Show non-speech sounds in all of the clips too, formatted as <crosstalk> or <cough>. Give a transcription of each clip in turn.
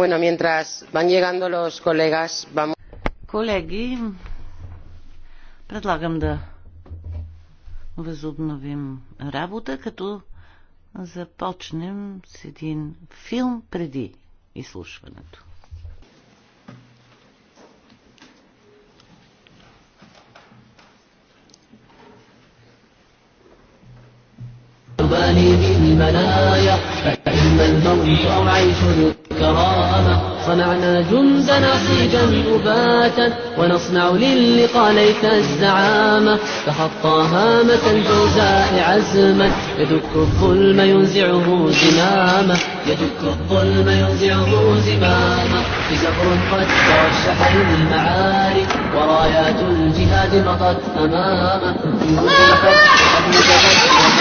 Bueno, mientras van llegando los colegas, vamos... Колеги, предлагам да възобновим работа, като започнем с един филм преди изслушването. في شرعي خذ صنعنا جند نصيجا أباتا ونصنع للقى ليث الزعامة فخط هامة الجوزاء عزما يدك الظلم ينزعه زمامة يدك الظلم ينزعه زمامة في بزبر قد ترشح للمعارك ورايات الجهاد مضت أمامه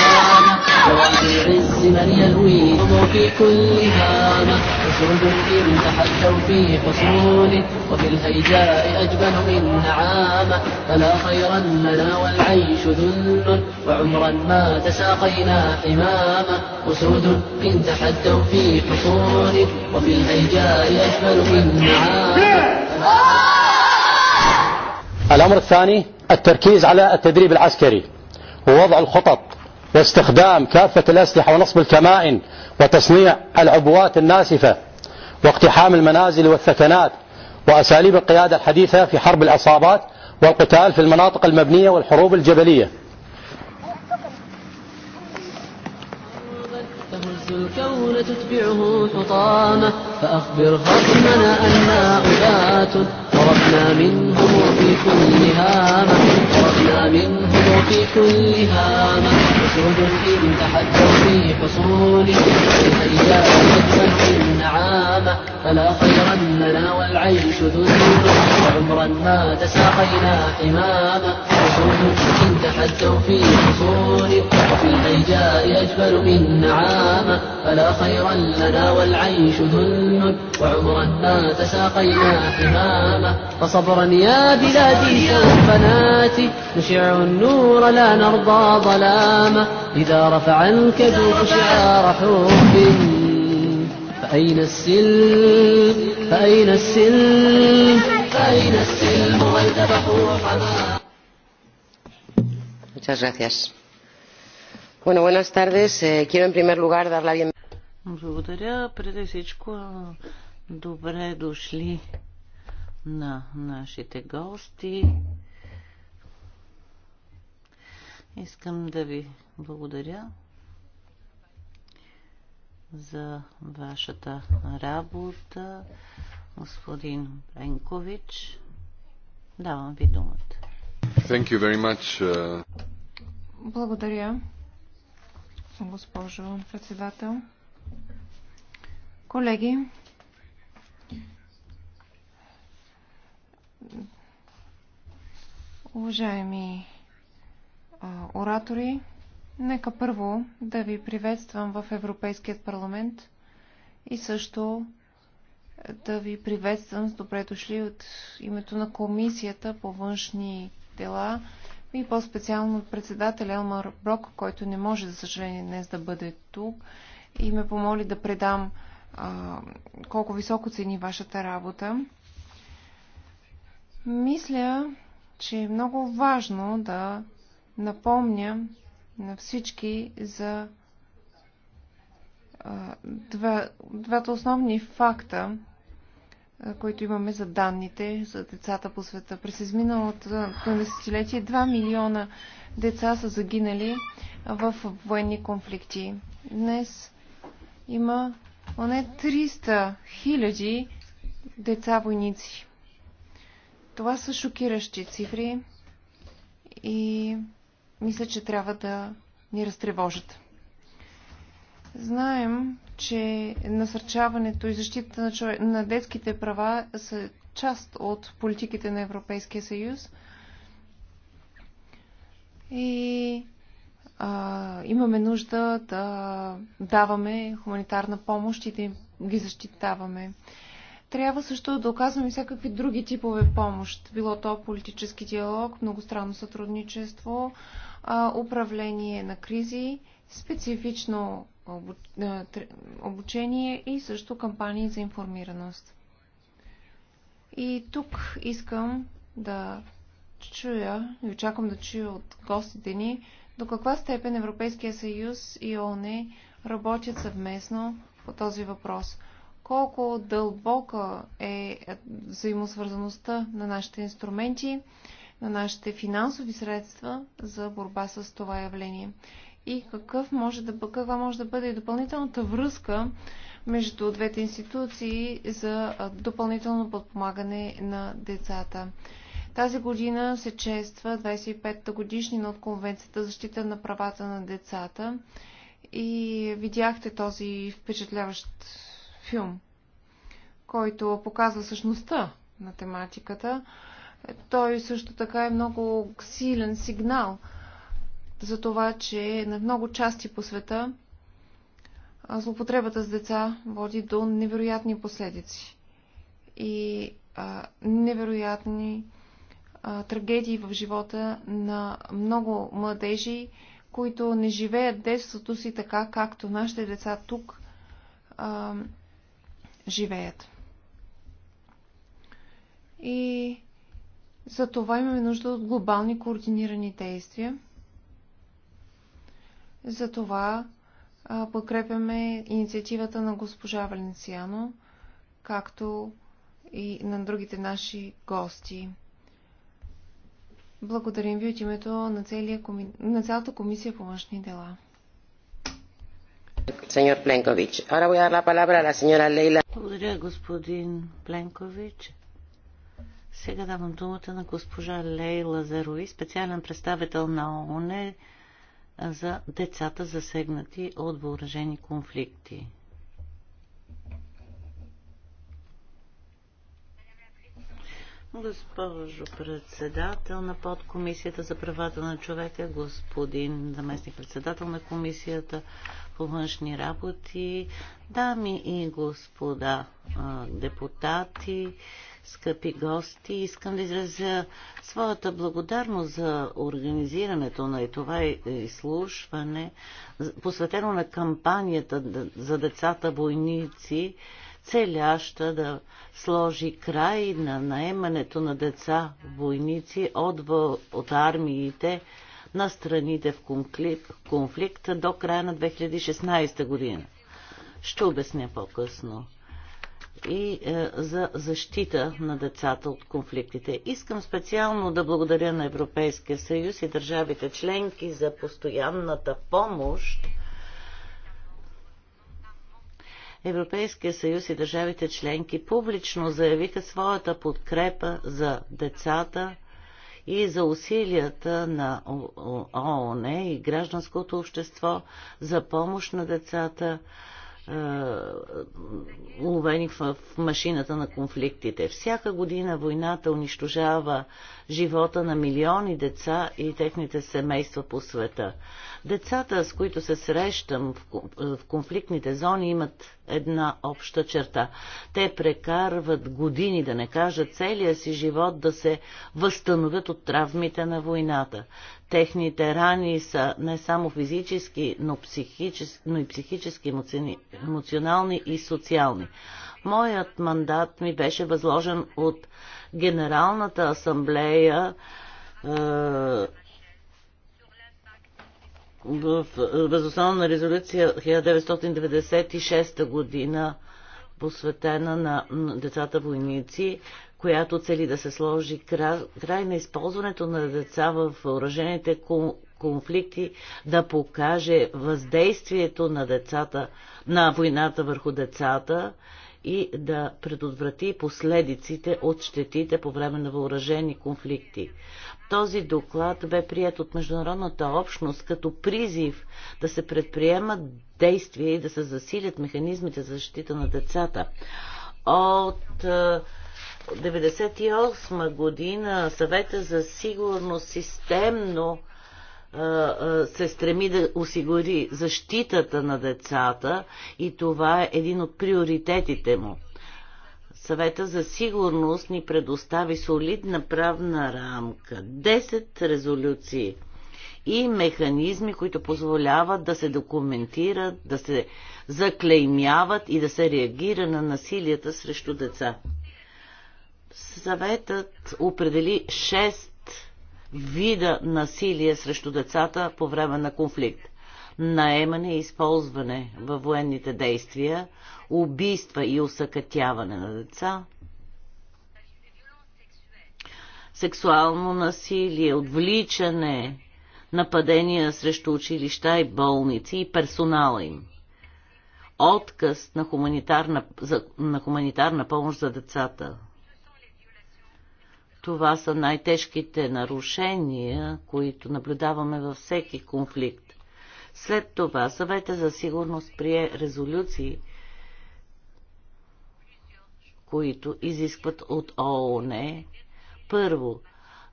الأنام وفي عز من يلوي في كل هام أسود إن تحلوا في حصول وفي الهيجاء أجبن من نعام فلا خيرا لنا والعيش ذل وعمرا ما تساقينا حماما أسود إن تحدوا في حصول وفي الهيجاء أجبن من نعام الأمر الثاني التركيز على التدريب العسكري ووضع الخطط واستخدام كافة الأسلحة ونصب الكمائن وتصنيع العبوات الناسفة واقتحام المنازل والثكنات وأساليب القيادة الحديثة في حرب العصابات والقتال في المناطق المبنية والحروب الجبلية الكون تتبعه حطامة فأخبر خصمنا أنا أبات خرجنا منه في كل هامة وفي منهم في كل هامة وجود الحين تحدى في حصول فإذا تدفن النعامة فلا خير لنا والعيش ذنون وعمرا ما تساقينا حماما وجود الحين تحدى في حصول وفي الهيجاء أجمل من نعامة فلا خير لنا والعيش ذن وعمرا ما تساقينا حماما فصبرا يا بلادي سوف نشع النور لا نرضى ظلاما إذا رفع الكذوب شعار حب فأين السلم فأين السلم فأين السلم والذبح حمام Muchas gracias. Bueno, buenas tardes. Eh, quiero en primer lugar dar la bienvenida. Благодаря. Преди всичко, добре дошли на нашите гости. Искам да ви благодаря за вашата работа, господин Бренкович. Давам ви думата. Thank you very much, uh... Благодаря, госпожо председател. Колеги, Уважаеми оратори, нека първо да ви приветствам в Европейският парламент и също е, да ви приветствам с добре дошли от името на Комисията по външни дела и по-специално от председателя Елмар Брок, който не може, за съжаление, днес да бъде тук и ме помоли да предам а, колко високо цени вашата работа. Мисля, че е много важно да напомня на всички за два, двата основни факта, които имаме за данните за децата по света. През изминалото десетилетие 2 милиона деца са загинали в военни конфликти. Днес има поне 300 хиляди деца войници. Това са шокиращи цифри и мисля, че трябва да ни разтревожат. Знаем, че насърчаването и защитата на, човек, на детските права са част от политиките на Европейския съюз. И а, имаме нужда да даваме хуманитарна помощ и да ги защитаваме. Трябва също да оказваме всякакви други типове помощ, било то политически диалог, многостранно сътрудничество, управление на кризи, специфично обучение и също кампании за информираност. И тук искам да чуя и очаквам да чуя от гостите ни до каква степен Европейския съюз и ООН работят съвместно по този въпрос колко дълбока е взаимосвързаността на нашите инструменти, на нашите финансови средства за борба с това явление. И какъв може да, каква може да бъде и допълнителната връзка между двете институции за допълнително подпомагане на децата. Тази година се чества 25-та годишнина от Конвенцията за защита на правата на децата и видяхте този впечатляващ филм, който показва същността на тематиката. Той също така е много силен сигнал за това, че на много части по света злопотребата с деца води до невероятни последици и а, невероятни а, трагедии в живота на много младежи, които не живеят детството си така, както нашите деца тук а, живеят. И за това имаме нужда от глобални координирани действия. За това подкрепяме инициативата на госпожа Валенциано, както и на другите наши гости. Благодарим ви от името на, на цялата комисия по външни дела. Благодаря, господин Пленкович. Сега давам думата на госпожа Лейла Зерои, специален представител на ООН за децата засегнати от въоръжени конфликти. Госпожо председател на подкомисията за правата на човека, господин заместник председател на комисията по външни работи, дами и господа депутати, скъпи гости, искам да изразя своята благодарност за организирането на и това изслушване, посветено на кампанията за децата войници, целяща да сложи край на наемането на деца войници от, от армиите на страните в конфликт, конфликт до края на 2016 година. Ще обясня по-късно. И е, за защита на децата от конфликтите. Искам специално да благодаря на Европейския съюз и държавите членки за постоянната помощ Европейския съюз и държавите членки публично заявиха своята подкрепа за децата и за усилията на ООН и гражданското общество за помощ на децата е, уловени в машината на конфликтите. Всяка година войната унищожава живота на милиони деца и техните семейства по света. Децата, с които се срещам в конфликтните зони, имат една обща черта. Те прекарват години, да не кажа целия си живот, да се възстановят от травмите на войната. Техните рани са не само физически, но, психически, но и психически, емоционални и социални. Моят мандат ми беше възложен от Генералната асамблея е, възоснова на резолюция 1996 година, посветена на децата войници, която цели да се сложи край на използването на деца в въоръжените конфликти, да покаже въздействието на децата, на войната върху децата и да предотврати последиците от щетите по време на въоръжени конфликти. Този доклад бе прият от международната общност като призив да се предприемат действия и да се засилят механизмите за защита на децата. От е, 1998 година съвета за сигурност системно се стреми да осигури защитата на децата и това е един от приоритетите му. Съвета за сигурност ни предостави солидна правна рамка, 10 резолюции и механизми, които позволяват да се документират, да се заклеймяват и да се реагира на насилията срещу деца. Съветът определи 6 вида насилие срещу децата по време на конфликт. Наемане и използване във военните действия, убийства и усъкътяване на деца, сексуално насилие, отвличане, нападения срещу училища и болници и персонала им. Отказ на хуманитарна, за, на хуманитарна помощ за децата – това са най-тежките нарушения, които наблюдаваме във всеки конфликт. След това съвета за сигурност прие резолюции, които изискват от ООН първо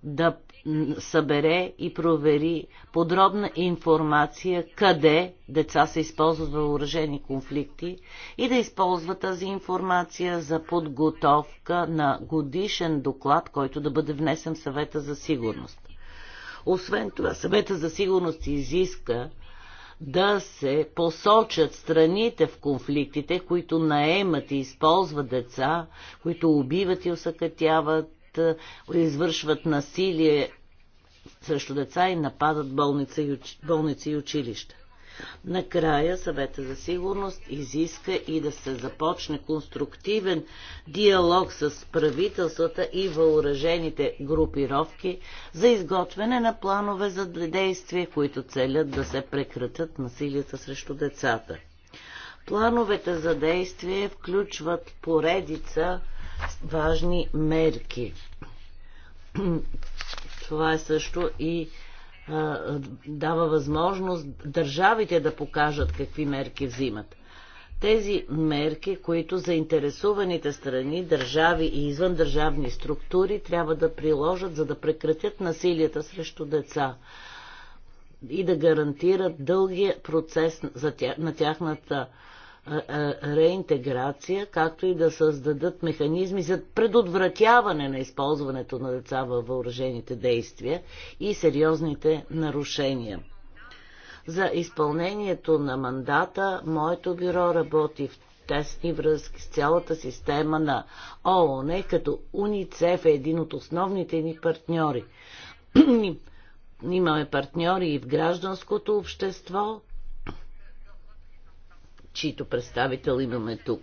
да събере и провери подробна информация къде деца се използват във въоръжени конфликти и да използва тази информация за подготовка на годишен доклад, който да бъде внесен в съвета за сигурност. Освен това, съвета за сигурност изиска да се посочат страните в конфликтите, които наемат и използват деца, които убиват и усъкътяват, е, извършват насилие срещу деца и нападат болници и училища. Накрая съвета за сигурност изиска и да се започне конструктивен диалог с правителствата и въоръжените групировки за изготвяне на планове за действие, които целят да се прекратят насилията срещу децата. Плановете за действие включват поредица важни мерки. Това е също и а, дава възможност държавите да покажат какви мерки взимат. Тези мерки, които заинтересуваните страни, държави и извъндържавни структури трябва да приложат, за да прекратят насилията срещу деца и да гарантират дългия процес на тяхната реинтеграция, както и да създадат механизми за предотвратяване на използването на деца във въоръжените действия и сериозните нарушения. За изпълнението на мандата моето бюро работи в тесни връзки с цялата система на ООН, като УНИЦЕФ е един от основните ни партньори. <clears throat> Имаме партньори и в гражданското общество, чието представител имаме тук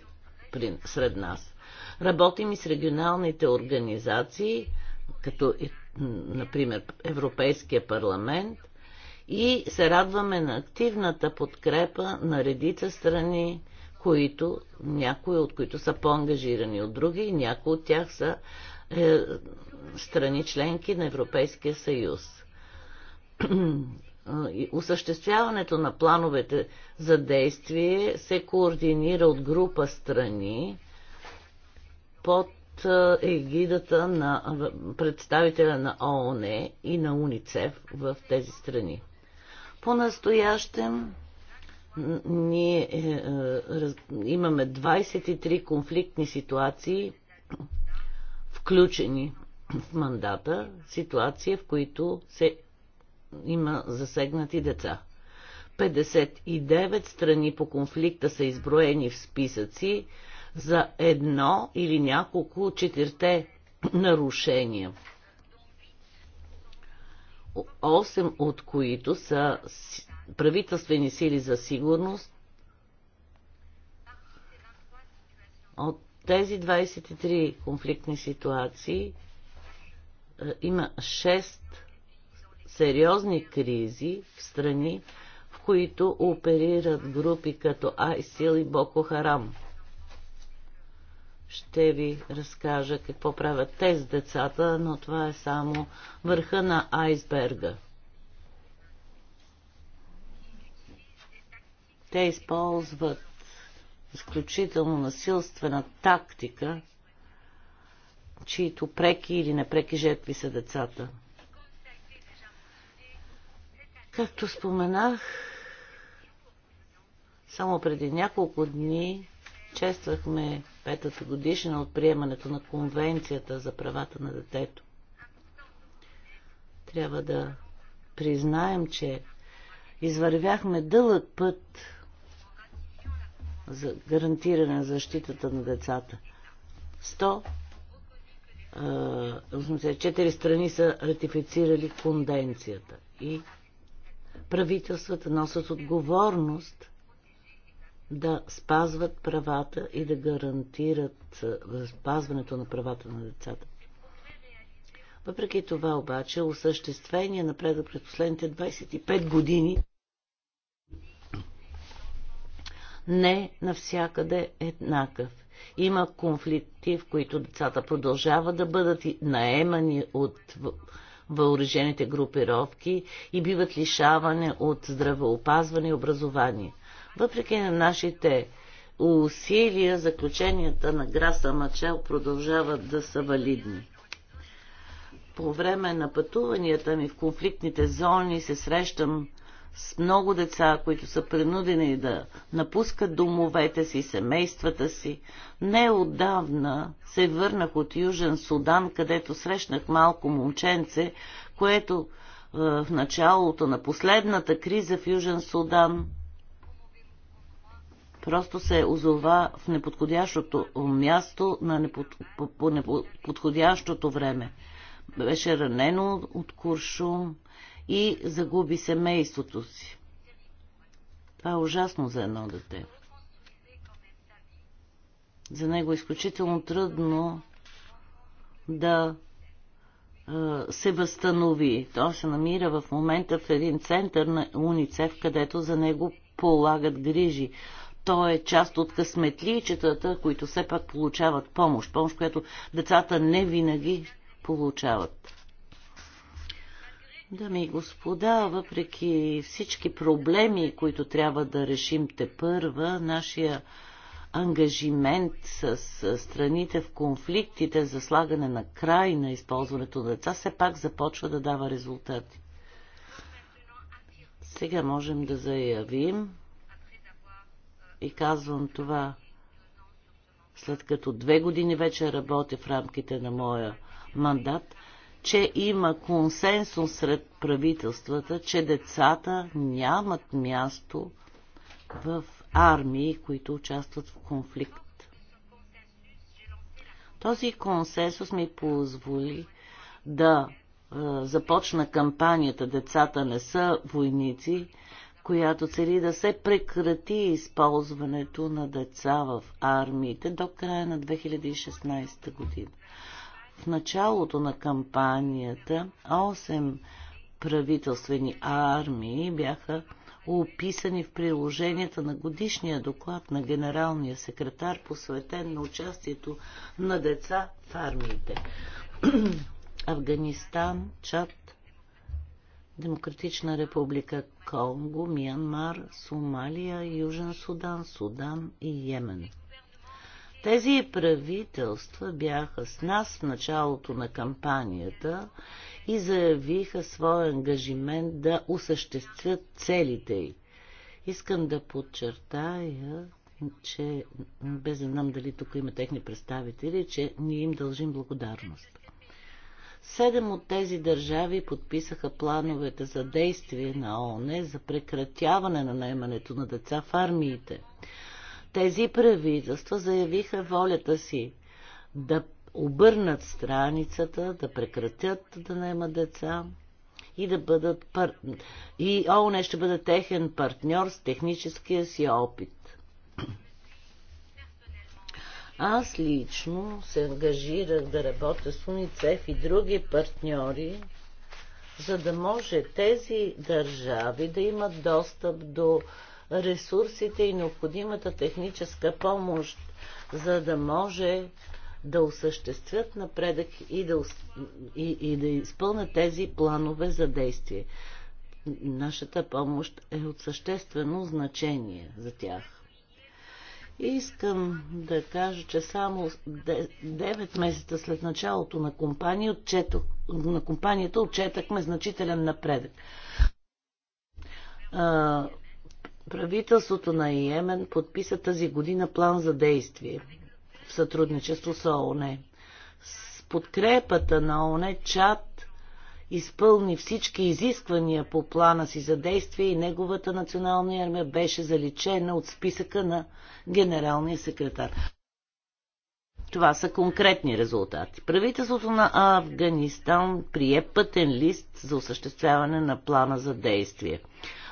при, сред нас. Работим и с регионалните организации, като например Европейския парламент и се радваме на активната подкрепа на редица страни, които, някои от които са по-ангажирани от други и някои от тях са е, страни членки на Европейския съюз осъществяването на плановете за действие се координира от група страни под егидата на представителя на ООН и на УНИЦЕФ в тези страни. По-настоящем ние е, е, имаме 23 конфликтни ситуации, включени в мандата, ситуации, в които се има засегнати деца. 59 страни по конфликта са изброени в списъци за едно или няколко четирте нарушения. 8 от които са правителствени сили за сигурност. От тези 23 конфликтни ситуации е, има 6 сериозни кризи в страни, в които оперират групи като Айсил и Боко Харам. Ще ви разкажа какво правят те с децата, но това е само върха на айсберга. Те използват изключително насилствена тактика, чието преки или непреки жертви са децата. Както споменах, само преди няколко дни чествахме петата годишна от приемането на Конвенцията за правата на детето. Трябва да признаем, че извървяхме дълъг път за гарантиране на защитата на децата. 100 4 е, страни са ратифицирали конвенцията и Правителствата носят отговорност да спазват правата и да гарантират е, спазването на правата на децата. Въпреки това обаче, осъществение предък през последните 25 години не навсякъде е еднакъв. Има конфликти, в които децата продължават да бъдат наемани от въоръжените групировки и биват лишавани от здравеопазване и образование. Въпреки на нашите усилия, заключенията на Граса Мачел продължават да са валидни. По време на пътуванията ми в конфликтните зони се срещам с много деца, които са принудени да напускат домовете си, семействата си. Неодавна се върнах от Южен Судан, където срещнах малко момченце, което в началото на последната криза в Южен Судан просто се озова в неподходящото място на непод... по неподходящото време. Беше ранено от куршум и загуби семейството си. Това е ужасно за едно дете. За него е изключително трудно да се възстанови. Той се намира в момента в един център на Уницев, където за него полагат грижи. Той е част от късметличетата, които все пак получават помощ. Помощ, която децата не винаги получават. Дами и господа, въпреки всички проблеми, които трябва да решим те първа, нашия ангажимент с страните в конфликтите за слагане на край на използването на деца все пак започва да дава резултати. Сега можем да заявим и казвам това след като две години вече работя в рамките на моя мандат – че има консенсус сред правителствата, че децата нямат място в армии, които участват в конфликт. Този консенсус ми позволи да е, започна кампанията Децата не са войници, която цели да се прекрати използването на деца в армиите до края на 2016 година. В началото на кампанията 8 правителствени армии бяха описани в приложенията на годишния доклад на генералния секретар, посветен на участието на деца в армиите. <clears throat> Афганистан, Чад, Демократична република Конго, Миянмар, Сомалия, Южен Судан, Судан и Йемен. Тези правителства бяха с нас в началото на кампанията и заявиха своя ангажимент да осъществят целите й. Искам да подчертая, че без да знам дали тук има техни представители, че ние им дължим благодарност. Седем от тези държави подписаха плановете за действие на ОНЕ за прекратяване на наемането на деца в армиите. Тези правителства заявиха волята си да обърнат страницата, да прекратят да наемат деца и да бъдат пар... и ООН ще бъде техен партньор с техническия си опит. Аз лично се ангажирах да работя с УНИЦЕФ и други партньори, за да може тези държави да имат достъп до ресурсите и необходимата техническа помощ, за да може да осъществят напредък и да, и, и да изпълнят тези планове за действие. Нашата помощ е от съществено значение за тях. Искам да кажа, че само 9 месеца след началото на, компания, отчетох, на компанията отчетахме значителен напредък. Правителството на Йемен подписа тази година план за действие в сътрудничество с ООН. С подкрепата на ООН Чад изпълни всички изисквания по плана си за действие и неговата национална армия беше заличена от списъка на генералния секретар. Това са конкретни резултати. Правителството на Афганистан прие пътен лист за осъществяване на плана за действие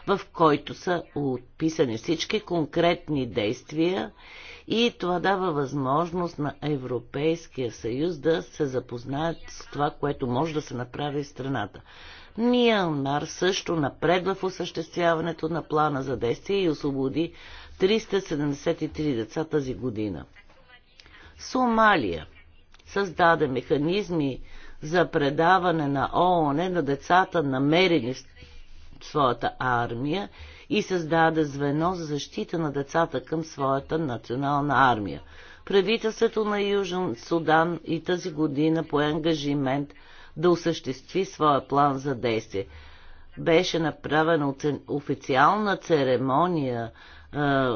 в който са отписани всички конкретни действия и това дава възможност на Европейския съюз да се запознаят с това, което може да се направи в страната. Миянмар също напредва в осъществяването на плана за действие и освободи 373 деца тази година. Сомалия създаде механизми за предаване на ООН на децата намерени своята армия и създаде звено за защита на децата към своята национална армия. Правителството на Южен Судан и тази година по ангажимент да осъществи своя план за действие. Беше направена официална церемония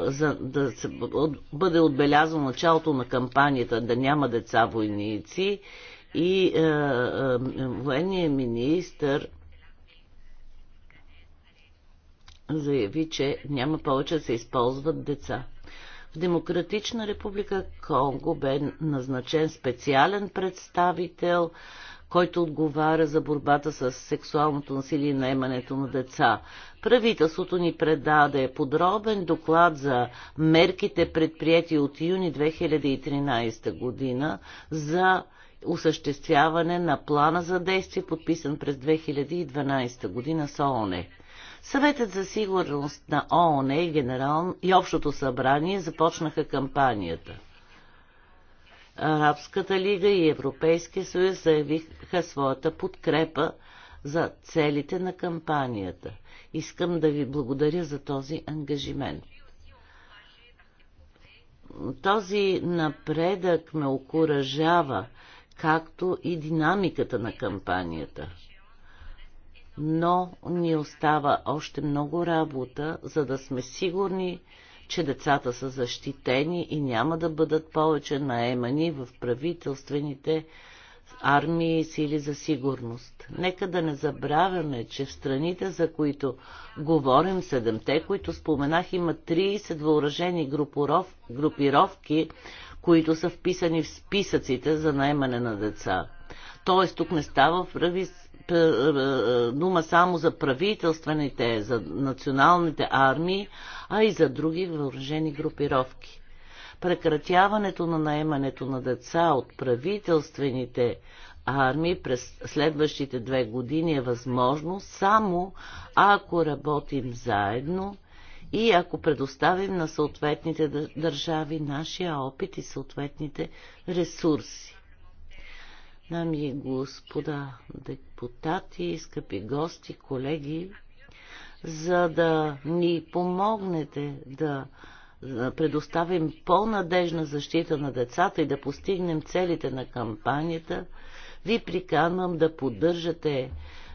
за да бъде отбелязано началото на кампанията да няма деца войници и а, е, военният министр заяви, че няма повече да се използват деца. В Демократична република Конго бе назначен специален представител, който отговаря за борбата с сексуалното насилие и наемането на деца. Правителството ни предаде подробен доклад за мерките предприяти от юни 2013 година за осъществяване на плана за действие, подписан през 2012 година с ООНЕ. Съветът за сигурност на ООН и, генерал... и Общото събрание започнаха кампанията. Арабската лига и Европейския съюз заявиха своята подкрепа за целите на кампанията. Искам да ви благодаря за този ангажимент. Този напредък ме окуражава, както и динамиката на кампанията – но ни остава още много работа, за да сме сигурни, че децата са защитени и няма да бъдат повече наемани в правителствените армии и сили за сигурност. Нека да не забравяме, че в страните, за които говорим, седемте, които споменах, има 30 въоръжени групировки, които са вписани в списъците за наемане на деца. Тоест тук не става прави дума само за правителствените, за националните армии, а и за други въоръжени групировки. Прекратяването на наемането на деца от правителствените армии през следващите две години е възможно само ако работим заедно и ако предоставим на съответните държави нашия опит и съответните ресурси. Дами и господа депутати, скъпи гости, колеги, за да ни помогнете да предоставим по-надежна защита на децата и да постигнем целите на кампанията, ви приканвам да поддържате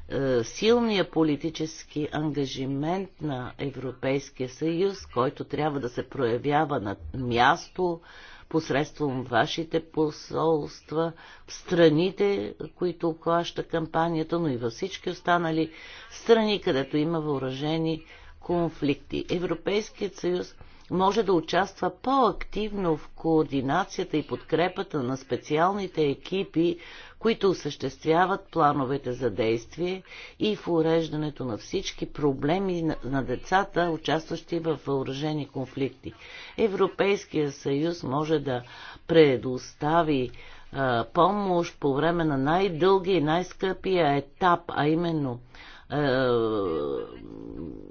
е, силния политически ангажимент на Европейския съюз, който трябва да се проявява на място, посредством вашите посолства в страните, които обхваща кампанията, но и във всички останали страни, където има въоръжени конфликти. Европейският съюз може да участва по-активно в координацията и подкрепата на специалните екипи които осъществяват плановете за действие и в уреждането на всички проблеми на, на децата, участващи в въоръжени конфликти. Европейския съюз може да предостави а, помощ по време на най-дълги и най-скъпия етап, а именно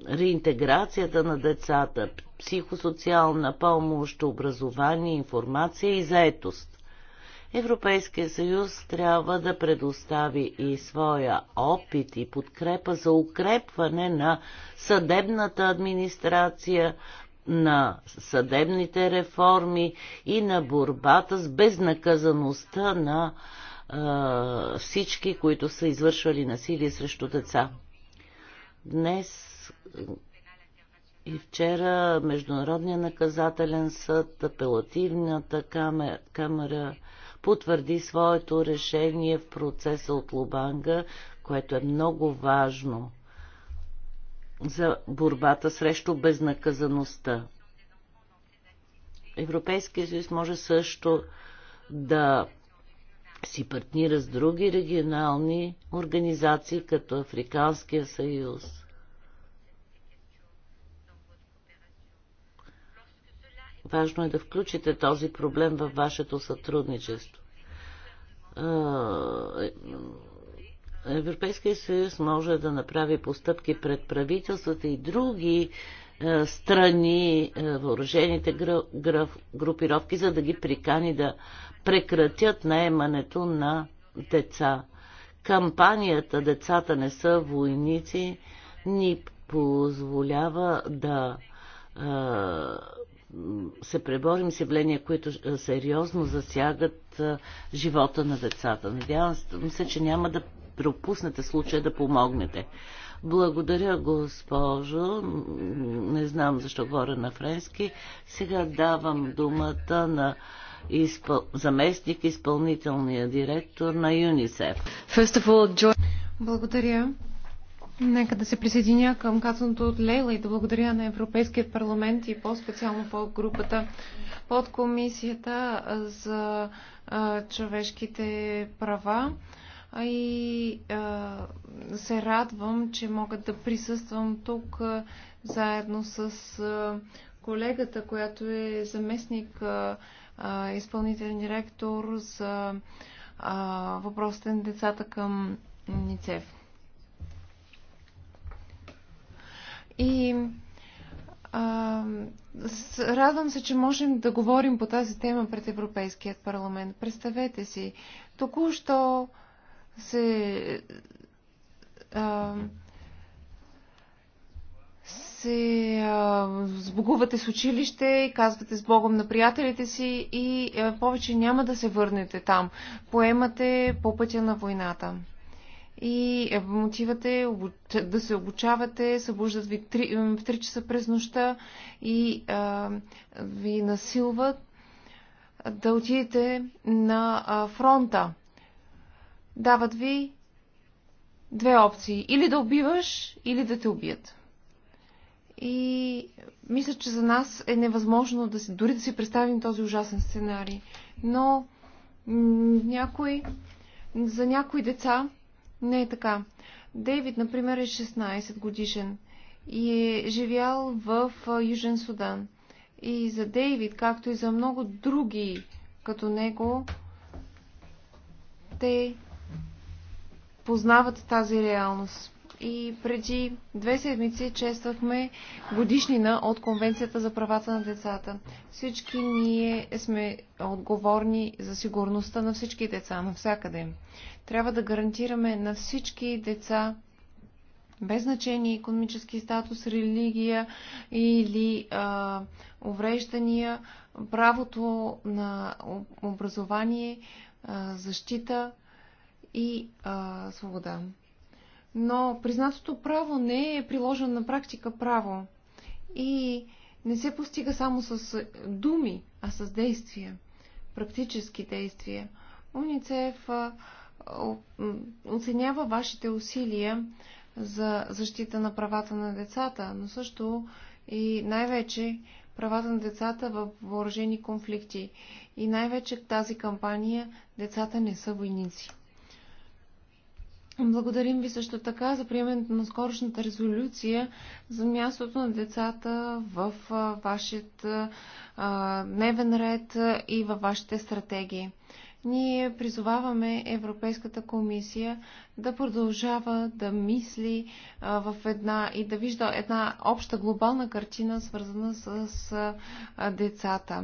реинтеграцията на децата, психосоциална помощ, образование, информация и заетост. Европейския съюз трябва да предостави и своя опит и подкрепа за укрепване на съдебната администрация, на съдебните реформи и на борбата с безнаказаността на е, всички, които са извършвали насилие срещу деца. Днес и вчера Международния наказателен съд, апелативната камера, камера потвърди своето решение в процеса от Лубанга, което е много важно за борбата срещу безнаказаността. Европейския съюз може също да си партнира с други регионални организации, като Африканския съюз. Важно е да включите този проблем във вашето сътрудничество. Европейския съюз може да направи постъпки пред правителствата и други страни, въоръжените групировки, за да ги прикани да прекратят наемането на деца. Кампанията Децата не са войници ни позволява да се преборим с явления, които е, сериозно засягат е, живота на децата. Надявам се, че няма да пропуснете случая да помогнете. Благодаря, госпожо. Не знам защо говоря на френски. Сега давам думата на изпъл... заместник изпълнителния директор на ЮНИСЕФ. All, Благодаря. Нека да се присъединя към казаното от Лейла и да благодаря на Европейският парламент и по-специално по групата под комисията за човешките права. И се радвам, че мога да присъствам тук заедно с колегата, която е заместник изпълнителен директор за въпросите на децата към НИЦЕВ. И а, радвам се, че можем да говорим по тази тема пред Европейският парламент. Представете си, току-що се. А, се а, сбогувате с училище и казвате с Богом на приятелите си и а, повече няма да се върнете там. Поемате по пътя на войната и е да се обучавате, събуждат ви в 3, часа през нощта и ви насилват да отидете на фронта. Дават ви две опции. Или да убиваш, или да те убият. И мисля, че за нас е невъзможно да си, дори да си представим този ужасен сценарий. Но някой, за някои деца не е така. Дейвид, например, е 16 годишен и е живял в Южен Судан. И за Дейвид, както и за много други като него, те познават тази реалност и преди две седмици чествахме годишнина от Конвенцията за правата на децата. Всички ние сме отговорни за сигурността на всички деца, навсякъде. Трябва да гарантираме на всички деца без значение економически статус, религия или а, увреждания, правото на образование, а, защита и а, свобода но признатото право не е приложено на практика право. И не се постига само с думи, а с действия, практически действия. УНИЦЕФ оценява вашите усилия за защита на правата на децата, но също и най-вече правата на децата в въоръжени конфликти. И най-вече тази кампания Децата не са войници. Благодарим ви също така за приемането на скорошната резолюция за мястото на децата в вашият дневен ред и във вашите стратегии. Ние призоваваме Европейската комисия да продължава да мисли в една и да вижда една обща глобална картина, свързана с децата.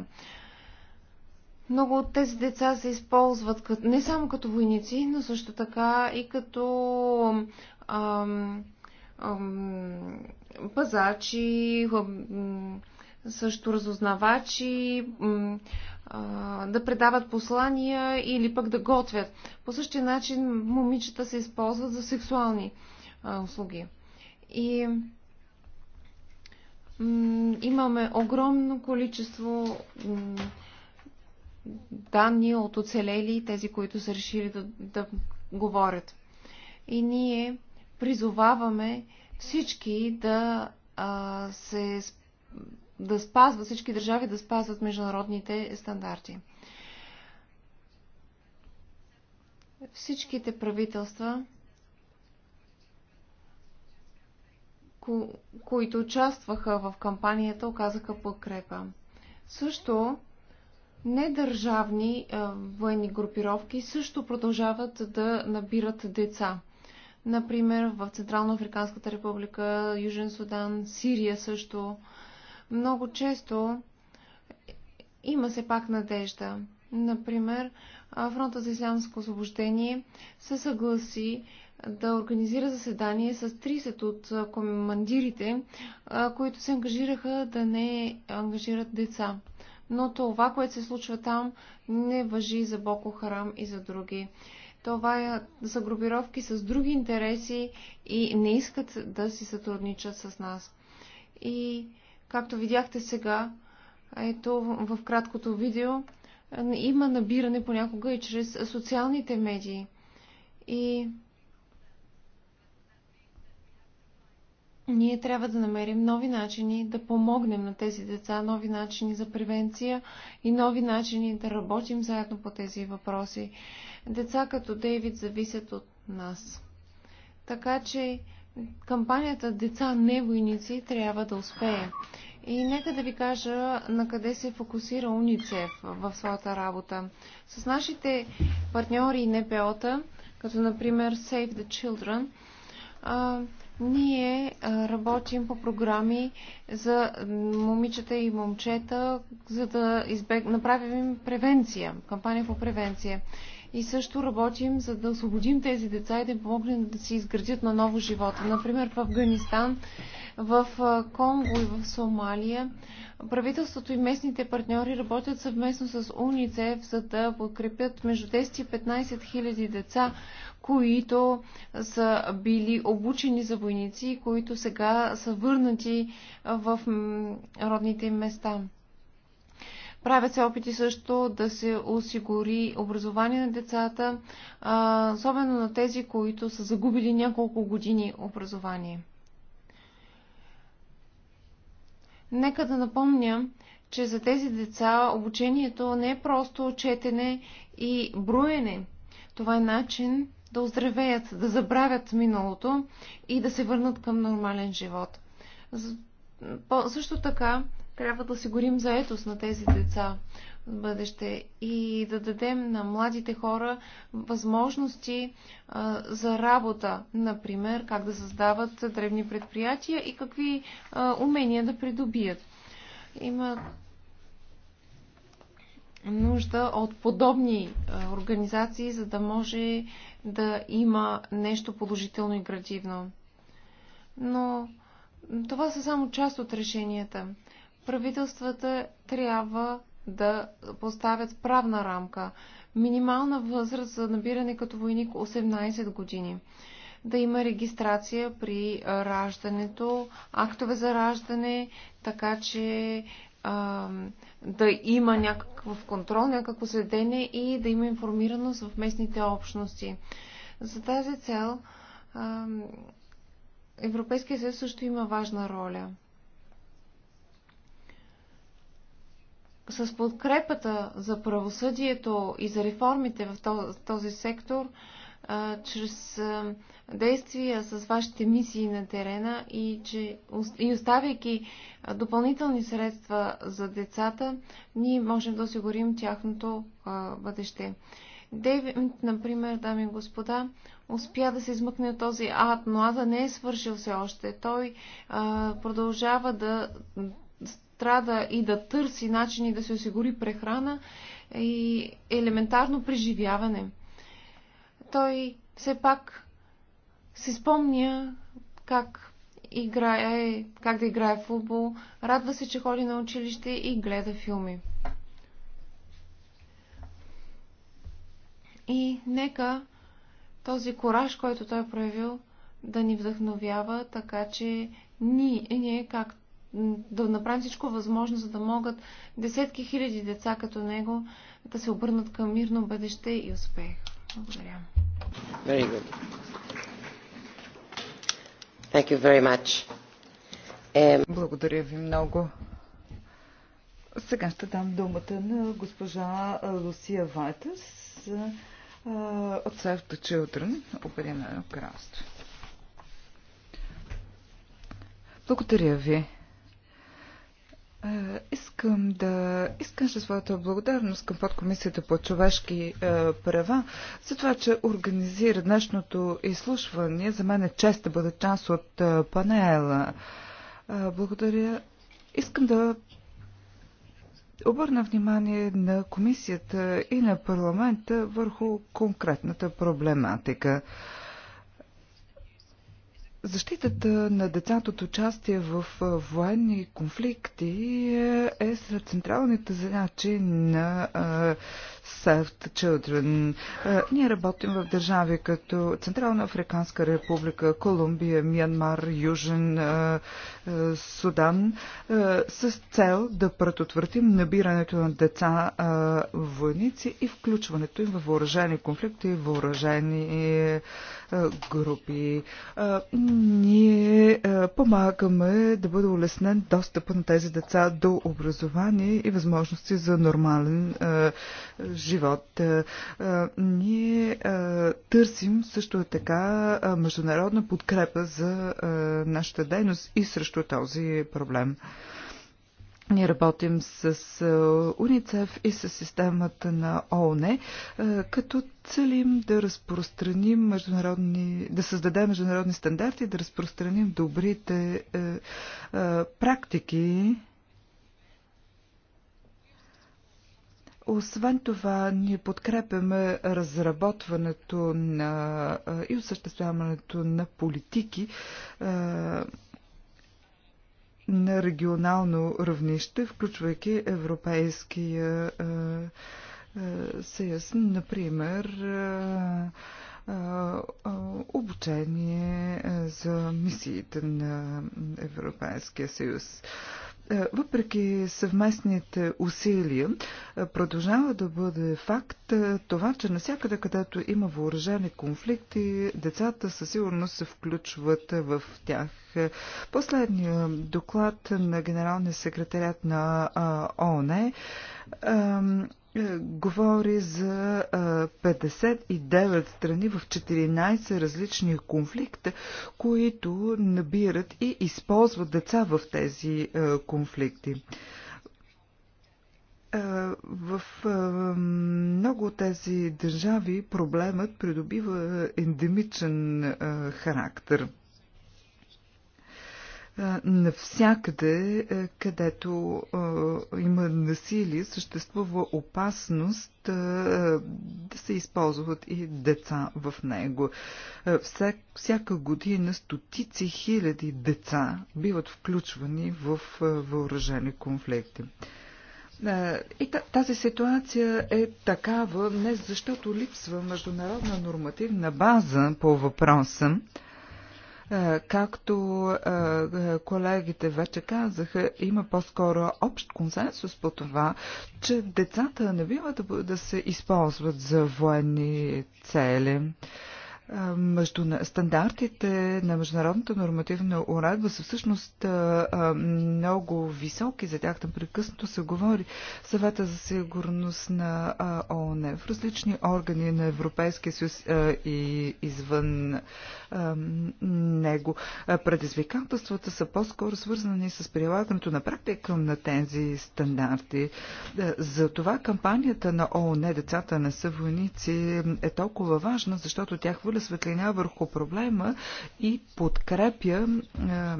Много от тези деца се използват не само като войници, но също така и като ам, ам, пазачи, ам, също разузнавачи, да предават послания или пък да готвят. По същия начин момичета се използват за сексуални услуги. И имаме огромно количество данни от оцелели, тези, които са решили да, да говорят. И ние призоваваме всички да а, се да спазват, всички държави да спазват международните стандарти. Всичките правителства, ко, които участваха в кампанията, оказаха подкрепа. Също недържавни военни групировки също продължават да набират деца. Например, в Централно-Африканската република, Южен Судан, Сирия също. Много често има се пак надежда. Например, Фронта за ислямско освобождение се съгласи да организира заседание с 30 от командирите, които се ангажираха да не ангажират деца но това, което се случва там, не въжи за Боко Харам и за други. Това е за групировки с други интереси и не искат да си сътрудничат с нас. И както видяхте сега, ето в краткото видео, е, има набиране понякога и чрез социалните медии. И ние трябва да намерим нови начини да помогнем на тези деца, нови начини за превенция и нови начини да работим заедно по тези въпроси. Деца като Дейвид зависят от нас. Така че кампанията Деца не войници трябва да успее. И нека да ви кажа на къде се фокусира УНИЦЕФ в своята работа. С нашите партньори и НПО-та, като например Save the Children, ние работим по програми за момичета и момчета, за да избег... направим превенция, кампания по превенция. И също работим за да освободим тези деца и да им помогнем да си изградят на ново живота. Например, в Афганистан, в Конго и в Сомалия правителството и местните партньори работят съвместно с УНИЦЕФ, за да подкрепят между 10 и 15 хиляди деца, които са били обучени за войници и които сега са върнати в родните места. Правят се опити също да се осигури образование на децата, особено на тези, които са загубили няколко години образование. Нека да напомня, че за тези деца обучението не е просто четене и броене. Това е начин да оздравеят, да забравят миналото и да се върнат към нормален живот. Също така, трябва да осигурим заетост на тези деца в бъдеще и да дадем на младите хора възможности а, за работа, например, как да създават древни предприятия и какви а, умения да придобият. Има нужда от подобни организации, за да може да има нещо положително и градивно. Но това са само част от решенията правителствата трябва да поставят правна рамка. Минимална възраст за набиране като войник 18 години. Да има регистрация при раждането, актове за раждане, така че а, да има някакъв контрол, някакво следение и да има информираност в местните общности. За тази цел а, Европейския съюз също има важна роля – с подкрепата за правосъдието и за реформите в този, сектор, чрез действия с вашите мисии на терена и, че, и оставяйки допълнителни средства за децата, ние можем да осигурим тяхното бъдеще. Дейвид, например, дами и господа, успя да се измъкне от този ад, но ада не е свършил все още. Той а, продължава да страда и да търси начини да се осигури прехрана и елементарно преживяване. Той все пак си спомня как играе, как да играе в футбол, радва се, че ходи на училище и гледа филми. И нека този кораж, който той е проявил, да ни вдъхновява, така че ние, ние както да направим всичко възможно, за да могат десетки хиляди деца като него да се обърнат към мирно бъдеще и успех. Благодаря. Very good. Thank you very much. Um... Благодаря ви много. Сега ще дам думата на госпожа Лусия Вайтес от Севта Чилдрън, Обединено кралство. Благодаря ви. Е, искам да изкажа своята благодарност към подкомисията по човешки е, права за това, че организира днешното изслушване. За мен е чест да бъда част от е, панела. Благодаря. Искам да обърна внимание на комисията и на парламента върху конкретната проблематика. Защитата на децата от участие в военни конфликти е, е сред централните задачи на Saved Children. Е, ние работим в държави като Централна Африканска република, Колумбия, Миянмар, Южен е, е, Судан с цел да предотвратим набирането на деца войници и включването им в въоръжени конфликти и въоръжени групи. Ние помагаме да бъде улеснен достъпа на тези деца до образование и възможности за нормален живот живот. Е, е, ние е, търсим също така международна подкрепа за нашата дейност и срещу този проблем. Ние работим с УНИЦЕФ и с системата на ООН, като целим да разпространим международни, да създадем международни стандарти, да разпространим добрите практики Освен това, ние подкрепяме разработването на, и осъществяването на политики на регионално равнище, включвайки Европейския съюз. Например, обучение за мисиите на Европейския съюз. Е, въпреки съвместните усилия, е, продължава да бъде факт е, това, че насякъде, където има въоръжени конфликти, децата със сигурност се включват в тях. Последния доклад на Генералния секретарят на ООН говори за 59 страни в 14 различни конфликта, които набират и използват деца в тези конфликти. В много от тези държави проблемът придобива ендемичен характер. Навсякъде, е, където има насилие, съществува опасност да се използват и деца в него. Всяка година стотици хиляди деца биват включвани в въоръжени конфликти. И тази ситуация е такава не защото липсва международна нормативна база по въпроса, е, както е, е, колегите вече казаха, има по-скоро общ консенсус по това, че децата не бива да, да се използват за военни цели между стандартите на международната нормативна уредба са всъщност много високи, за тях прекъснато се говори. Съвета за сигурност на ООН в различни органи на Европейския съюз и извън него. Предизвикателствата са по-скоро свързани с прилагането на практика на тези стандарти. За това кампанията на ООН Децата не са войници е толкова важна, защото тя хвърля хвърля светлина върху проблема и подкрепя е,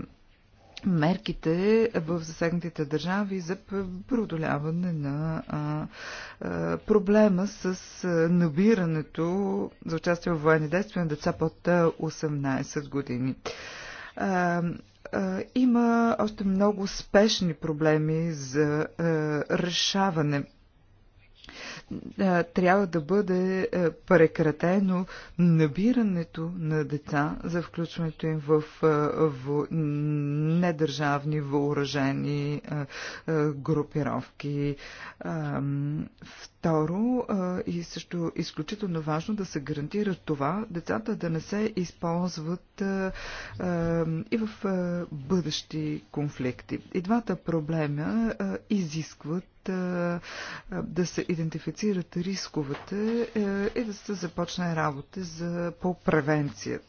мерките в засегнатите държави за преодоляване на проблема с набирането за участие в военни действия на деца под 18 години. има още много спешни проблеми за решаване трябва да бъде прекратено набирането на деца за включването им в недържавни въоръжени групировки. Второ, и също изключително важно да се гарантира това, децата да не се използват и в бъдещи конфликти. И двата проблема изискват да, да се идентифицират рисковете и е, е да се започне работа за, по превенцията.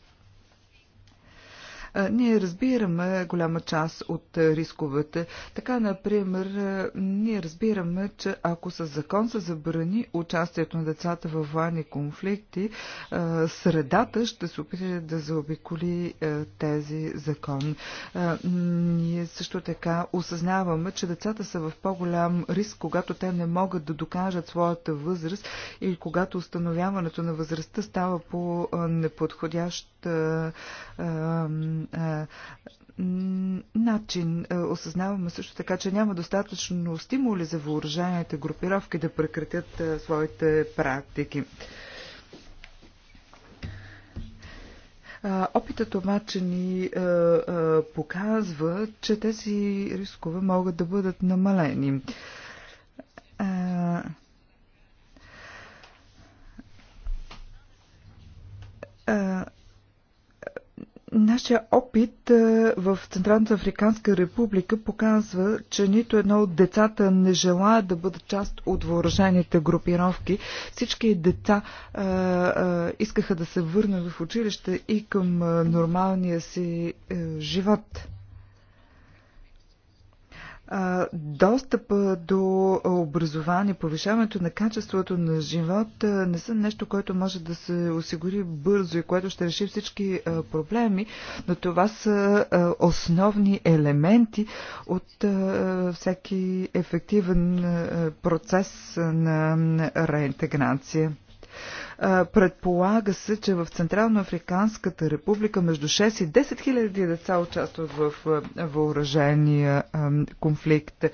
Ние разбираме голяма част от рисковете. Така, например, ние разбираме, че ако с закон се забрани участието на децата в военни конфликти, средата ще се опита да заобиколи тези закон. Ние също така осъзнаваме, че децата са в по-голям риск, когато те не могат да докажат своята възраст или когато установяването на възрастта става по неподходящ начин. Осъзнаваме също така, че няма достатъчно стимули за въоръжените групировки да прекратят своите практики. Опитът обаче ни показва, че тези рискове могат да бъдат намалени. Нашия опит е, в Централната Африканска република показва, че нито едно от децата не желая да бъдат част от въоръжените групировки. Всички деца а, е, а, е, искаха да се върнат в училище и към нормалния си а, живот достъпа до образование, повишаването на качеството на живот не са нещо, което може да се осигури бързо и което ще реши всички проблеми, но това са основни елементи от всеки ефективен процес на реинтеграция. Предполага се, че в Централно-Африканската република между 6 и 10 хиляди деца участват в въоръжения конфликт.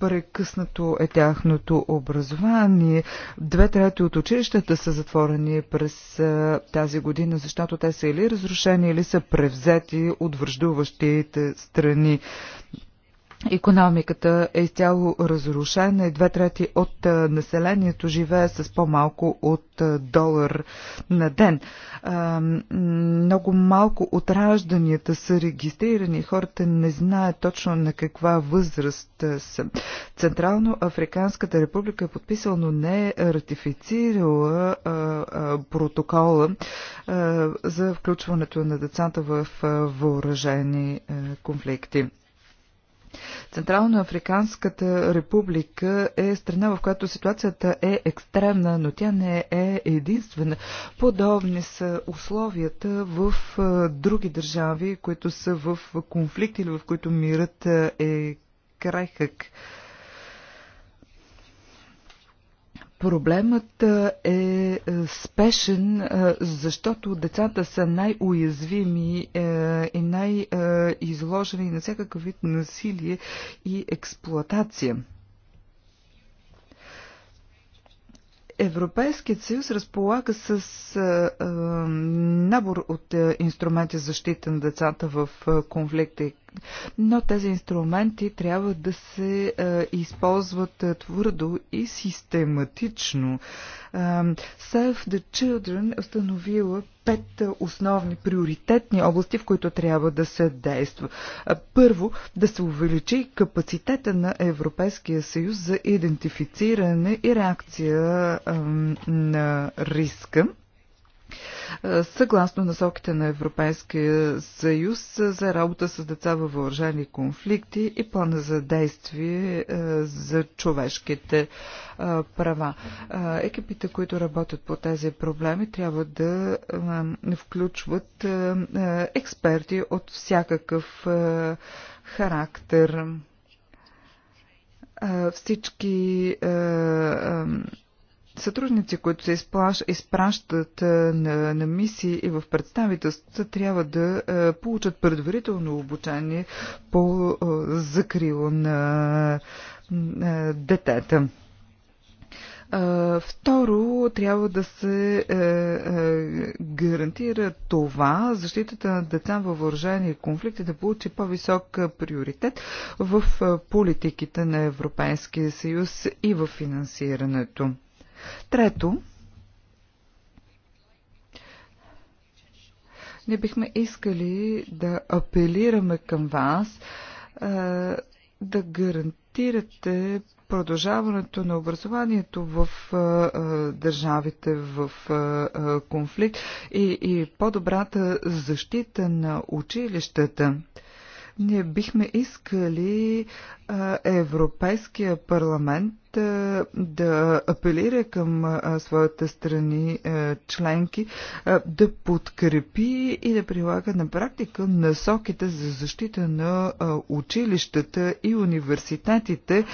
Прекъснато е тяхното образование. Две трети от училищата са затворени през тази година, защото те са или разрушени, или са превзети от връждуващите страни. Економиката е изцяло разрушена и две трети от населението живее с по-малко от долар на ден. Много малко от ражданията са регистрирани. Хората не знаят точно на каква възраст са. Централно Африканската република е подписала, но не е ратифицирала протокола за включването на децата в въоръжени конфликти. Централноафриканската република е страна, в която ситуацията е екстремна, но тя не е единствена. Подобни са условията в други държави, които са в конфликт или в които мирът е крайхък. Проблемът е спешен, защото децата са най-уязвими е, и най-изложени на всякакъв вид насилие и експлоатация. Европейският съюз разполага с а, набор от инструменти защита на децата в конфликти но тези инструменти трябва да се е, използват е, твърдо и систематично. Е, Save the Children установила пет основни приоритетни области, в които трябва да се действа. Първо, да се увеличи капацитета на Европейския съюз за идентифициране и реакция на риска. Е, съгласно насоките на Европейския съюз за работа с деца във въоръжени конфликти и плана за действие е, за човешките е, права. Екипите, които работят по тези проблеми, трябва да включват експерти от всякакъв характер. Всички сътрудници, които се изпращат е, на, на мисии и в представителствата, трябва да е, получат предварително обучение по е, закрило на, детета. Второ, трябва да се гарантира това, защитата на деца във въоръжени конфликти да получи по-висок приоритет в политиките на Европейския съюз и в финансирането. Трето, ние бихме искали да апелираме към вас а, да гарантирате продължаването на образованието в а, а, държавите в а, конфликт и, и по-добрата защита на училищата. Ние бихме искали Европейския парламент да апелира към своята страни членки да подкрепи и да прилага на практика насоките за защита на училищата и университетите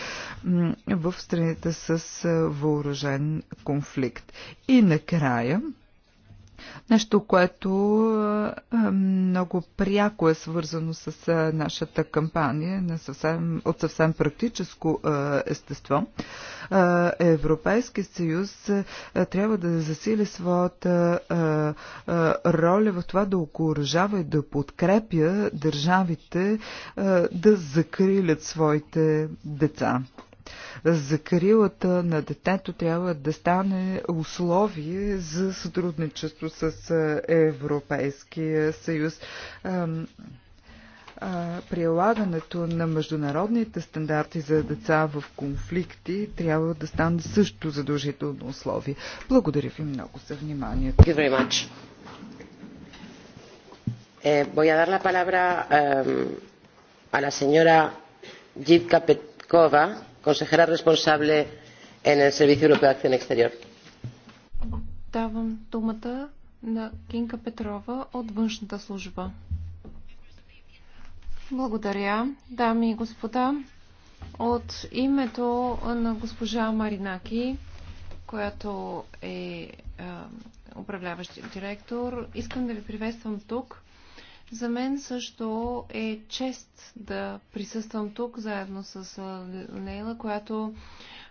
в страните с въоръжен конфликт. И накрая, Нещо, което е, е, много пряко е свързано с е, нашата кампания на съвсем, от съвсем практическо естество. Европейски съюз трябва да засили своята роля в това да окоръжава и да подкрепя държавите да закрилят своите деца. Закрилата на детето трябва да стане условие за сътрудничество с Европейския съюз прилагането на международните стандарти за деца в конфликти трябва да стане също задължително условие. Благодаря ви много за вниманието. Благодаря ви много. la palabra consejera responsable en el Servicio Europeo de Acción Exterior. Давам думата на Кинка Петрова от външната служба. Благодаря, дами и господа. От името на госпожа Маринаки, която е, е управляващ директор, искам да ви приветствам тук за мен също е чест да присъствам тук заедно с Лейла, която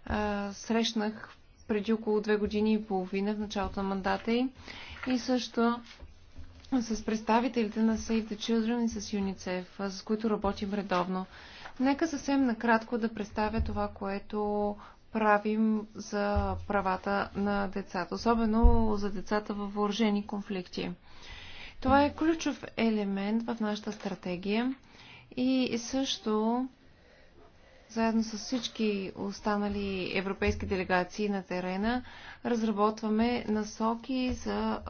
а, срещнах преди около две години и половина в началото на мандата й и също с представителите на Save the Children и с ЮНИЦЕФ, с които работим редовно. Нека съвсем накратко да представя това, което правим за правата на децата, особено за децата във въоръжени конфликти. Това е ключов елемент в нашата стратегия и също заедно с всички останали европейски делегации на терена разработваме насоки за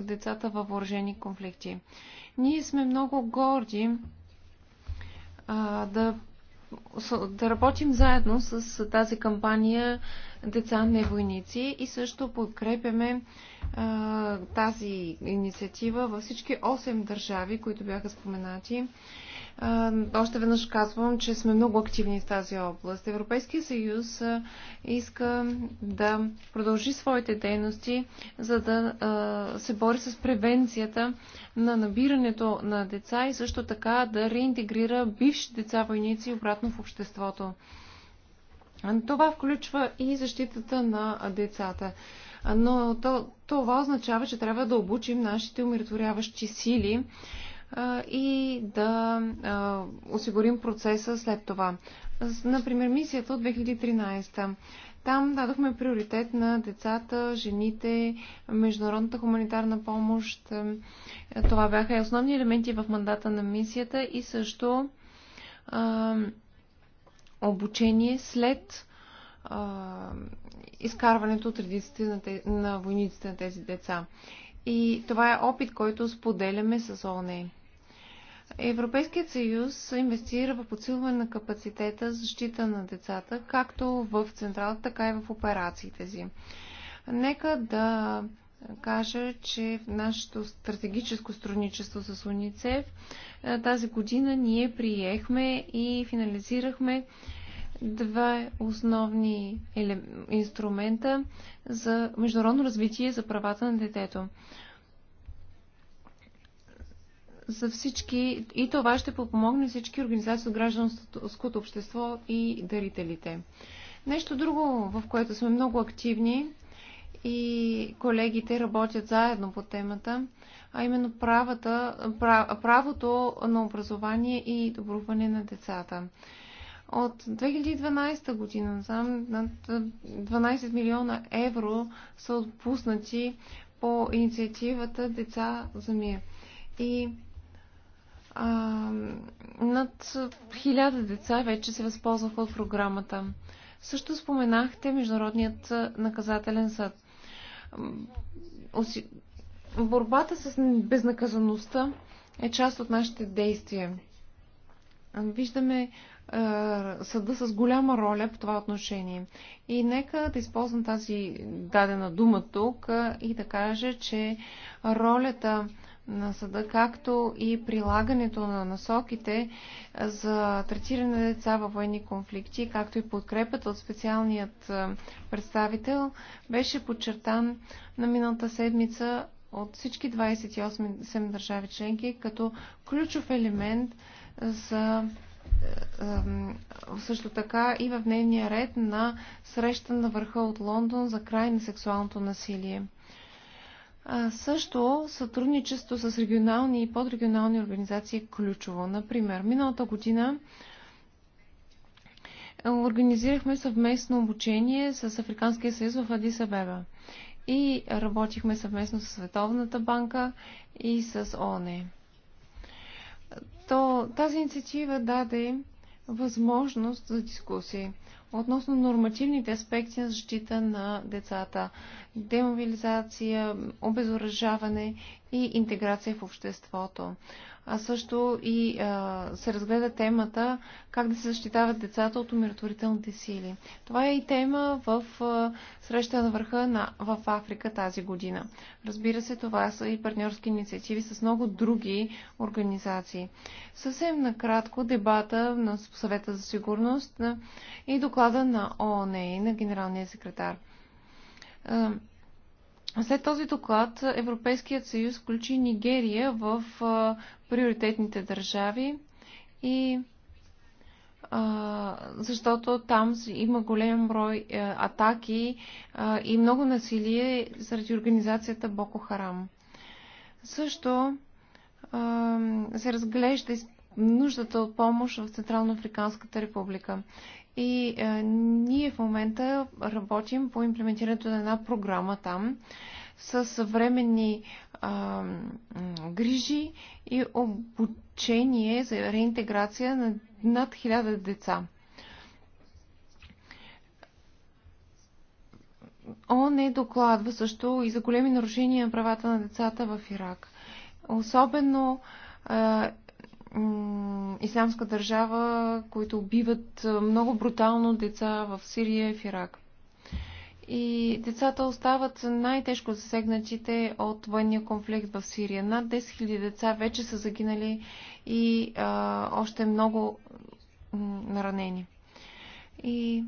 децата във въоръжени конфликти. Ние сме много горди а, да да работим заедно с тази кампания Деца не войници и също подкрепяме а, тази инициатива във всички 8 държави, които бяха споменати още веднъж казвам, че сме много активни в тази област. Европейския съюз иска да продължи своите дейности, за да се бори с превенцията на набирането на деца и също така да реинтегрира бивши деца войници обратно в обществото. Това включва и защитата на децата. Но това означава, че трябва да обучим нашите умиротворяващи сили и да осигурим процеса след това. Например, мисията от 2013. Там дадохме приоритет на децата, жените, международната хуманитарна помощ. Това бяха и основни елементи в мандата на мисията и също обучение след изкарването от редиците на, на войниците на тези деца. И това е опит, който споделяме с ОНЕ. Европейският съюз инвестира в подсилване на капацитета за защита на децата, както в централата, така и в операциите си. Нека да кажа, че в нашето стратегическо сътрудничество с УНИЦЕФ е, тази година ние приехме и финализирахме два основни инструмента за международно развитие за правата на детето за всички и това ще подпомогне всички организации от гражданското общество и дарителите. Нещо друго, в което сме много активни и колегите работят заедно по темата, а именно правата, правото на образование и добруване на децата. От 2012 година насам над 12 милиона евро са отпуснати по инициативата Деца за мир. И а, над хиляда деца вече се възползваха от програмата. Също споменахте Международният наказателен съд. Оси... Борбата с безнаказаността е част от нашите действия. Виждаме е, съда с голяма роля в това отношение. И нека да използвам тази дадена дума тук е, и да кажа, че ролята на съда, както и прилагането на насоките е, за третиране на деца във военни конфликти, както и подкрепата от специалният е, представител, беше подчертан на миналата седмица от всички 28 държави членки като ключов елемент за е, също така и в дневния ред на среща на върха от Лондон за край на сексуалното насилие също сътрудничество с регионални и подрегионални организации е ключово. Например, миналата година организирахме съвместно обучение с Африканския съюз в Адис Абеба. И работихме съвместно с Световната банка и с ОНЕ. То, тази инициатива даде възможност за дискусии относно нормативните аспекти на защита на децата, демобилизация, обезоръжаване и интеграция в обществото а също и а, се разгледа темата как да се защитават децата от умиротворителните сили. Това е и тема в а, среща на върха на, в Африка тази година. Разбира се, това са и партньорски инициативи с много други организации. Съвсем накратко дебата на съвета за сигурност и доклада на ООН и на генералния секретар. След този доклад Европейският съюз включи Нигерия в а, приоритетните държави и а, защото там има голям брой а, е, атаки а, и много насилие заради организацията Боко Харам. Също а, се разглежда нуждата от помощ в Централно Африканската република. И а, е, ние в момента работим по имплементирането на една програма там с временни а, грижи и обучение за реинтеграция на над 1000 деца. ООН е докладва също и за големи нарушения на правата на децата в Ирак. Особено е, исламска държава, които убиват много брутално деца в Сирия и в Ирак. И децата остават най-тежко засегнатите от военния конфликт в Сирия. Над 10 000 деца вече са загинали и а, още много наранени. И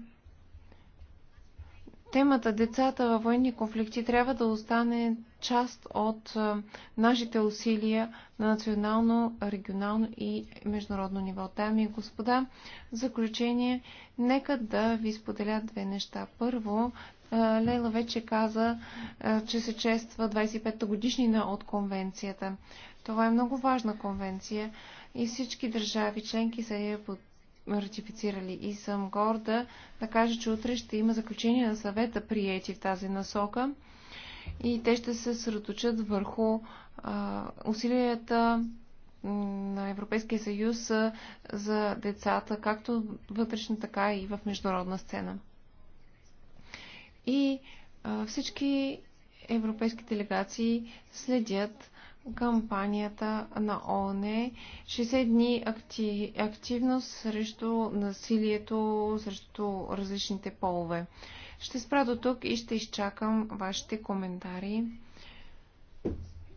Темата децата във военни конфликти трябва да остане част от нашите усилия на национално, регионално и международно ниво. Дами и господа, в заключение, нека да ви споделя две неща. Първо, Лейла вече каза, че се чества 25-та годишнина от конвенцията. Това е много важна конвенция и всички държави членки са я ратифицирали. И съм горда да кажа, че утре ще има заключение на съвета, приети в тази насока. И те ще се средочат върху а, усилията на Европейския съюз за децата, както вътрешна, така и в международна сцена. И а, всички европейски делегации следят кампанията на ООН 60 дни актив, активност срещу насилието, срещу различните полове. Ще спра до тук и ще изчакам вашите коментари.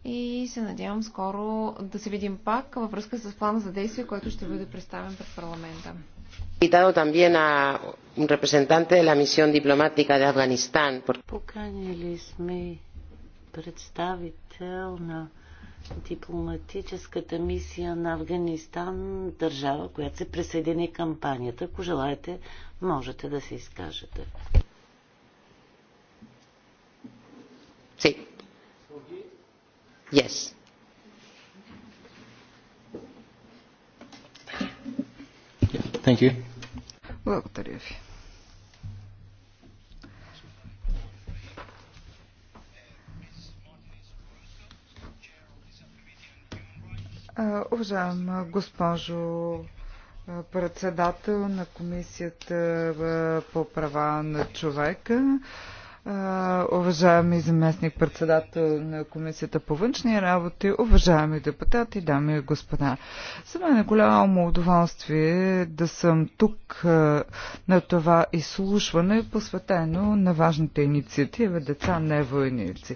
И се надявам скоро да се видим пак във връзка с плана за действие, който ще бъде представен пред парламента. Поканили сме представител на дипломатическата мисия на Афганистан, държава, която се присъедини кампанията. Ако желаете, можете да се изкажете. Sí. Yes. Thank you. Благодаря ви. Уважаема госпожо председател на Комисията по права на човека, уважаеми заместник председател на Комисията по външни работи, уважаеми депутати, дами и господа. За мен е голямо удоволствие да съм тук на това изслушване, посветено на важната инициатива Деца не войници.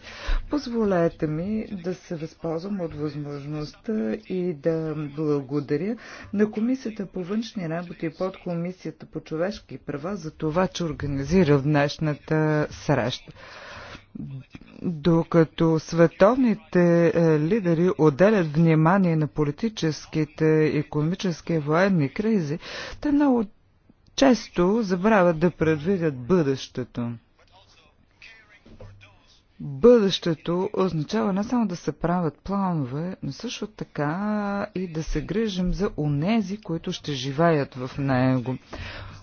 Позволете ми да се възползвам от възможността и да благодаря на Комисията по външни работи и под Комисията по човешки права за това, че организира днешната среща среща. Докато световните е, лидери отделят внимание на политическите, економически и военни кризи, те много често забравят да предвидят бъдещето. Бъдещето означава не само да се правят планове, но също така и да се грижим за онези, които ще живеят в него.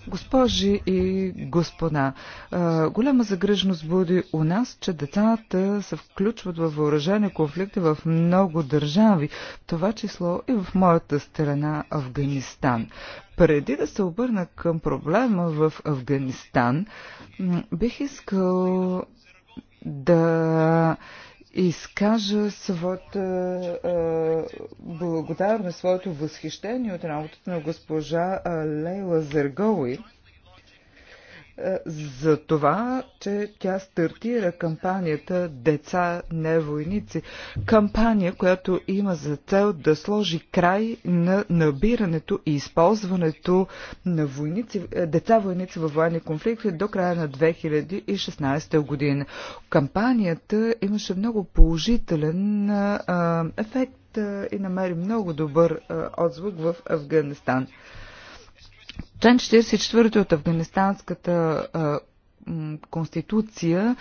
Госпожи и господа, голяма загрижност буди у нас, че децата се включват във въоръжени конфликти в много държави, това число и в моята страна Афганистан. Преди да се обърна към проблема в Афганистан, бих искал да изкажа своята благодарност, своето възхищение от работата на госпожа Лейла Зергови. Е, за това, че тя стартира кампанията Деца не войници. Кампания, която има за цел да сложи край на набирането и използването на войници, е, деца войници във военни конфликти до края на 2016 година. Кампанията имаше много положителен а, е, ефект а, и намери много добър а, отзвук в Афганистан. Член 44 от Афганистанската конституция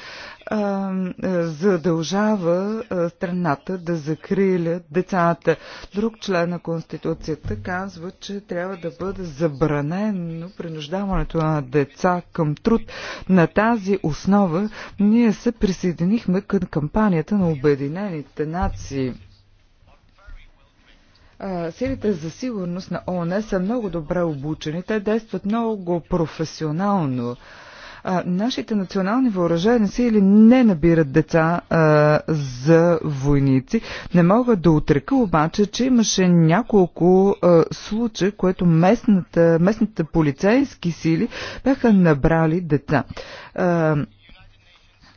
задължава страната да закриля децата. Друг член на конституцията казва, че трябва да бъде забранено принуждаването на деца към труд. На тази основа ние се присъединихме към кампанията на Обединените нации Силите за сигурност на ООН са много добре обучени, те действат много професионално. А, нашите национални въоръжени сили не набират деца а, за войници. Не мога да отрека обаче, че имаше няколко а, случаи, което местната, местните полицейски сили бяха набрали деца. А,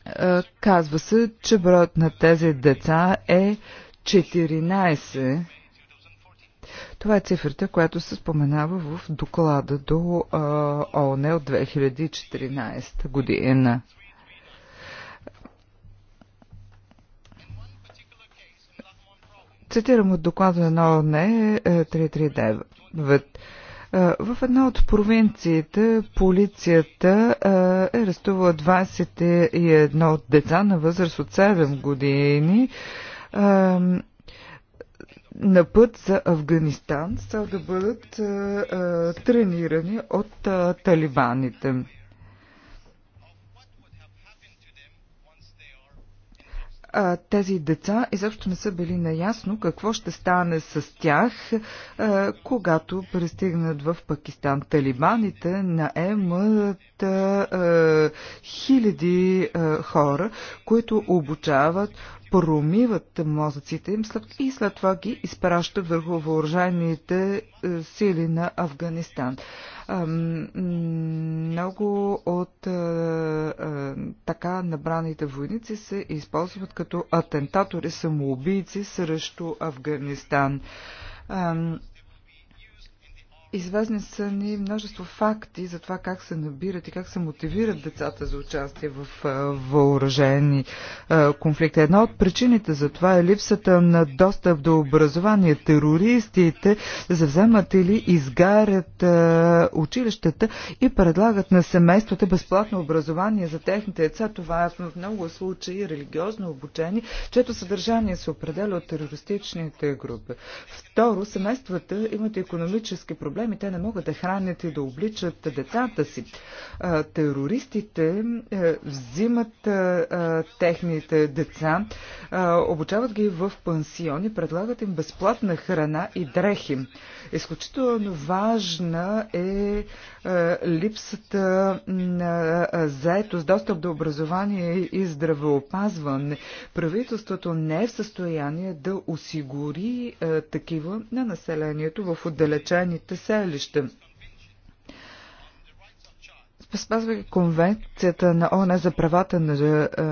а, казва се, че броят на тези деца е 14. Това е цифрата, която се споменава в доклада до ООН от 2014 година. Цитирам от доклада на ООН 339. Е, е, в една от провинциите полицията е арестувала 21 деца на възраст от 7 години на път за Афганистан, са да бъдат а, е, а, е, тренирани от а, е, талибаните. а, тези деца изобщо не са били наясно какво ще стане с тях, а, когато пристигнат в Пакистан. Талибаните наемат а, а, хиляди а, хора, които обучават промиват мозъците им и след това ги изпращат върху въоръжените е, сили на Афганистан. Много от е, е, така набраните войници се използват като атентатори, самоубийци срещу Афганистан. Известни са ни множество факти за това как се набират и как се мотивират децата за участие в въоръжени конфликти. Една от причините за това е липсата на достъп до образование. Терористите завземат или изгарят училищата и предлагат на семействата безплатно образование за техните деца. Това е в много случаи религиозно обучение, чето съдържание се определя от терористичните групи. Второ, семействата имат економически проблеми проблеми. Те не могат да хранят и да обличат децата си. Терористите е, взимат е, е, техните деца, обучават ги в пансиони, предлагат им безплатна храна и дрехи. Изключително важна е липсата на заетост, достъп до образование и здравеопазване. Правителството не е в състояние да осигури такива на населението в отдалечените селища спазвайки конвенцията на ООН за правата на, а, е,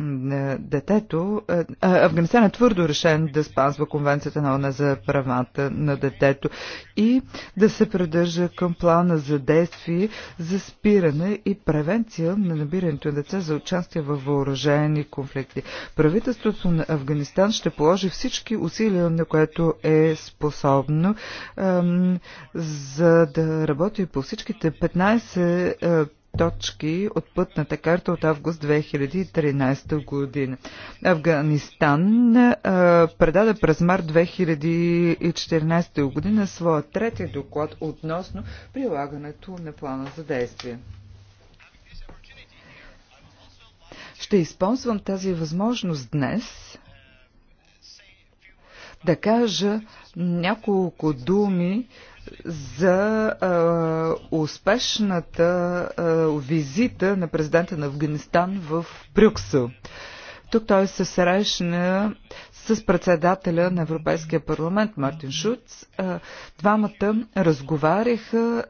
на детето, е, а, Афганистан е твърдо решен да спазва конвенцията на ООН за правата на детето и да се придържа към плана за действие за спиране и превенция на набирането на деца за участие във въоръжени конфликти. Правителството на Афганистан ще положи всички усилия, на което е способно, а, за да работи по всичките 15 е, точки от пътната карта от август 2013 година. Афганистан а, е, предаде през март 2014 година своя трети доклад относно прилагането на плана за действие. Ще използвам тази възможност днес да кажа няколко думи за а, успешната а, визита на президента на Афганистан в Брюксел. Тук той се срещна с председателя на Европейския парламент Мартин Шуц. Двамата разговаряха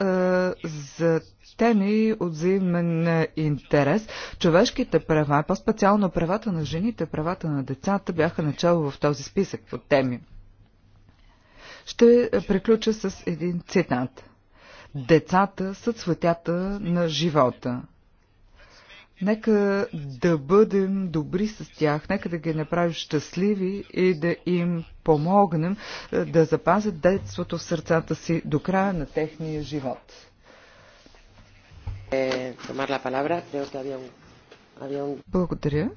за теми от взаимен интерес. Човешките права, по-специално правата на жените, правата на децата бяха начало в този списък от теми. Ще приключа с един цитат. Децата са цветята на живота. Нека да бъдем добри с тях, нека да ги направим щастливи и да им помогнем е, да запазят детството в сърцата си до края на техния живот. Е, Благодаря.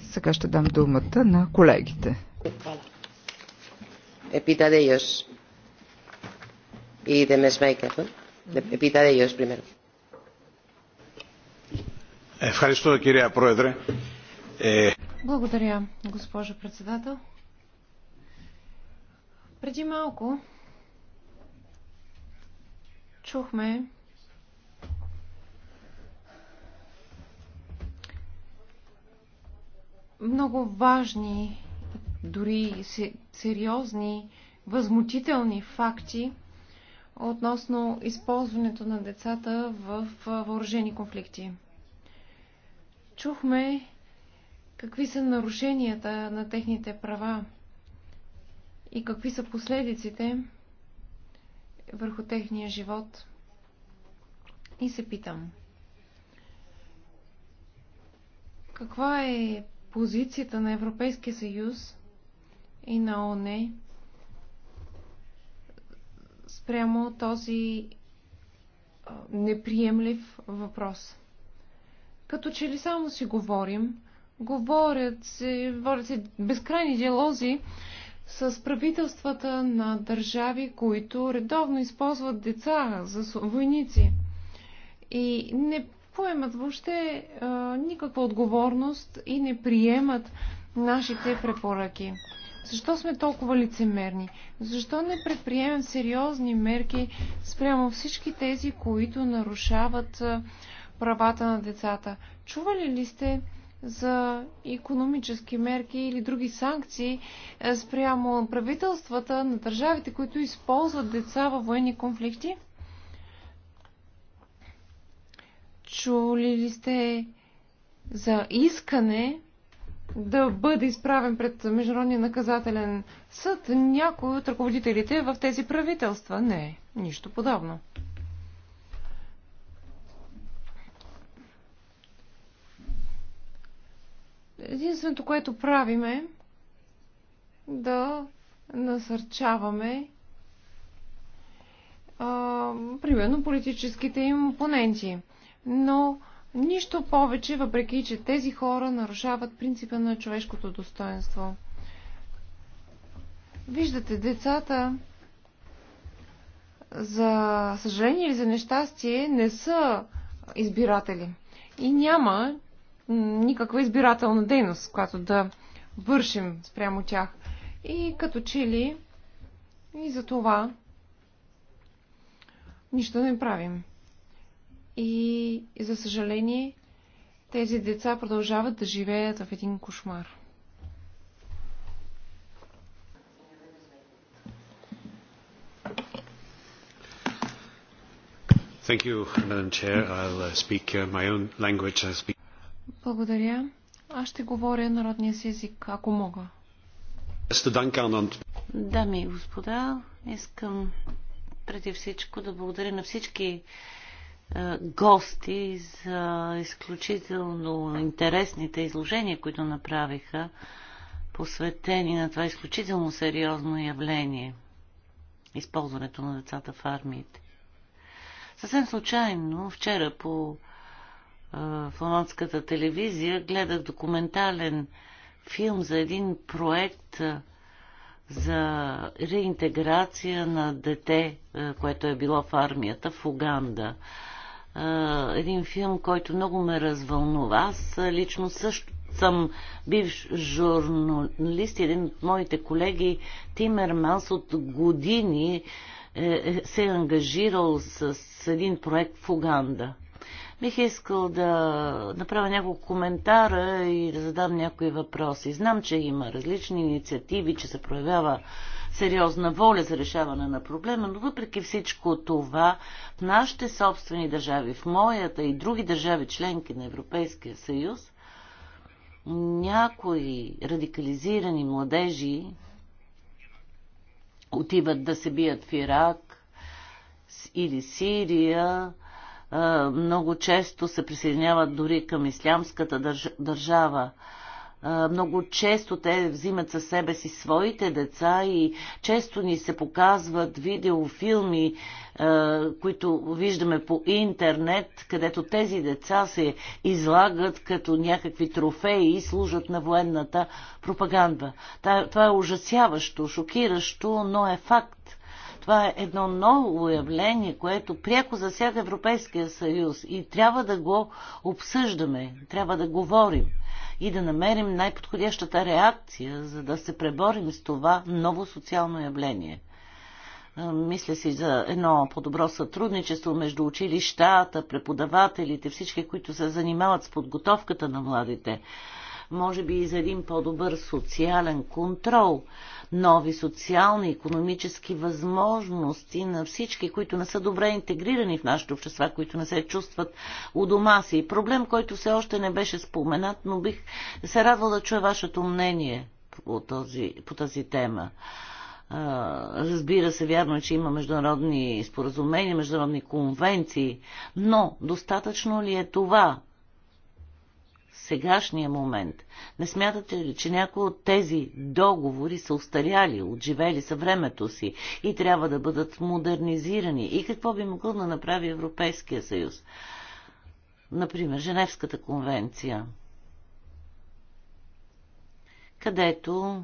Сега ще дам думата на колегите. Благодаря. Epita de ellos y de Mesmaker. ¿no? Epita de ellos primero. Ευχαριστώ κυρία Πρόεδρε. Благодаря, госпожо председател. Преди малко чухме много важни дори сериозни, възмутителни факти относно използването на децата в въоръжени конфликти. Чухме какви са нарушенията на техните права и какви са последиците върху техния живот. И се питам, каква е позицията на Европейския съюз и на ОНЕ спрямо този неприемлив въпрос. Като че ли само си говорим, говорят се, водят се безкрайни диалози с правителствата на държави, които редовно използват деца за войници и не поемат въобще а, никаква отговорност и не приемат нашите препоръки. Защо сме толкова лицемерни? Защо не предприемем сериозни мерки спрямо всички тези, които нарушават правата на децата? Чували ли сте за економически мерки или други санкции спрямо правителствата на държавите, които използват деца във военни конфликти? Чули ли сте за искане да бъде изправен пред Международния наказателен съд някой от ръководителите в тези правителства. Не, е нищо подобно. Единственото, което правим е да насърчаваме а, примерно политическите им опоненти. Но Нищо повече, въпреки че тези хора нарушават принципа на човешкото достоинство. Виждате, децата, за съжаление или за нещастие, не са избиратели. И няма никаква избирателна дейност, която да вършим спрямо тях. И като че ли и за това нищо не правим. И, за съжаление, тези деца продължават да живеят в един кошмар. You, speak... Благодаря. Аз ще говоря народния си език, ако мога. Дами и господа, искам преди всичко да благодаря на всички е, гости за изключително интересните изложения, които направиха, посветени на това изключително сериозно явление използването на децата в армиите. Съвсем случайно, вчера по е, фламандската телевизия гледах документален филм за един проект е, за реинтеграция на дете, което е било в армията в Уганда а, един филм, който много ме развълнува. Аз лично също съм бивш журналист, един от моите колеги Тимер Мелс, от години е, е, се е ангажирал с, с един проект в Уганда. Бих искал да направя няколко коментара и да задам някои въпроси. Знам, че има различни инициативи, че се проявява сериозна воля за решаване на проблема, но въпреки всичко това в нашите собствени държави, в моята и други държави членки на Европейския съюз, някои радикализирани младежи отиват да се бият в Ирак или Сирия, много често се присъединяват дори към ислямската държава. Много често те взимат със себе си своите деца и често ни се показват видеофилми, които виждаме по интернет, където тези деца се излагат като някакви трофеи и служат на военната пропаганда. Това е ужасяващо, шокиращо, но е факт. Това е едно ново явление, което пряко засяга Европейския съюз и трябва да го обсъждаме, трябва да говорим и да намерим най-подходящата реакция, за да се преборим с това ново социално явление. Мисля си за едно по-добро сътрудничество между училищата, преподавателите, всички, които се занимават с подготовката на младите може би и за един по-добър социален контрол, нови социални и економически възможности на всички, които не са добре интегрирани в нашите общества, които не се чувстват у дома си. Проблем, който все още не беше споменат, но бих се радвала да чуя вашето мнение по тази, по тази тема. Разбира се, вярно е, че има международни споразумения, международни конвенции, но достатъчно ли е това? сегашния момент. Не смятате ли, че някои от тези договори са устаряли, отживели са времето си и трябва да бъдат модернизирани? И какво би могло да направи Европейския съюз? Например, Женевската конвенция, където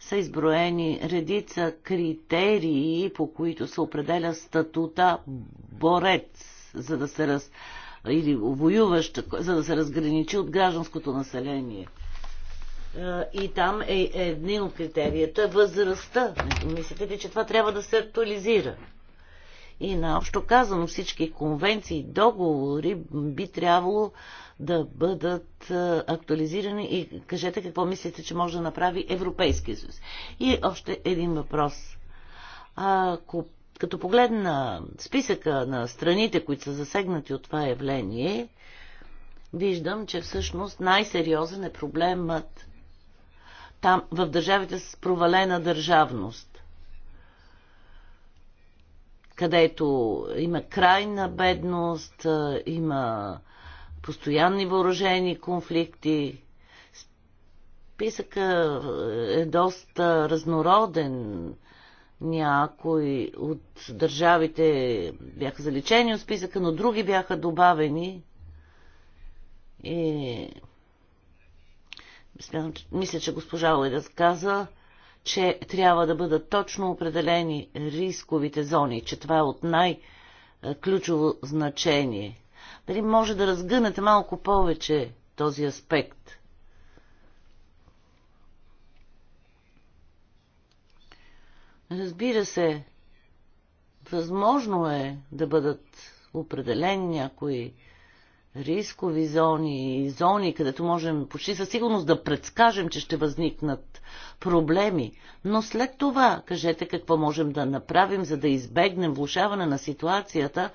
са изброени редица критерии, по които се определя статута борец, за да се раз, или воюваща, за да се разграничи от гражданското население. Е, и там е един от критерията е възрастта. Мислите ли, че това трябва да се актуализира? И наобщо казано всички конвенции, договори би трябвало да бъдат е, актуализирани и кажете какво мислите, че може да направи Европейския съюз. И още един въпрос. Ако като погледна списъка на страните, които са засегнати от това явление, виждам, че всъщност най-сериозен е проблемът там, в държавите с провалена държавност, където има крайна бедност, има постоянни въоръжени конфликти. Списъка е доста разнороден някои от държавите бяха заличени от списъка, но други бяха добавени. И мисля, че госпожа Уедас каза, че трябва да бъдат точно определени рисковите зони, че това е от най-ключово значение. Дали може да разгънете малко повече този аспект? Разбира се, възможно е да бъдат определени някои рискови зони и зони, където можем почти със сигурност да предскажем, че ще възникнат проблеми. Но след това кажете какво можем да направим, за да избегнем влушаване на ситуацията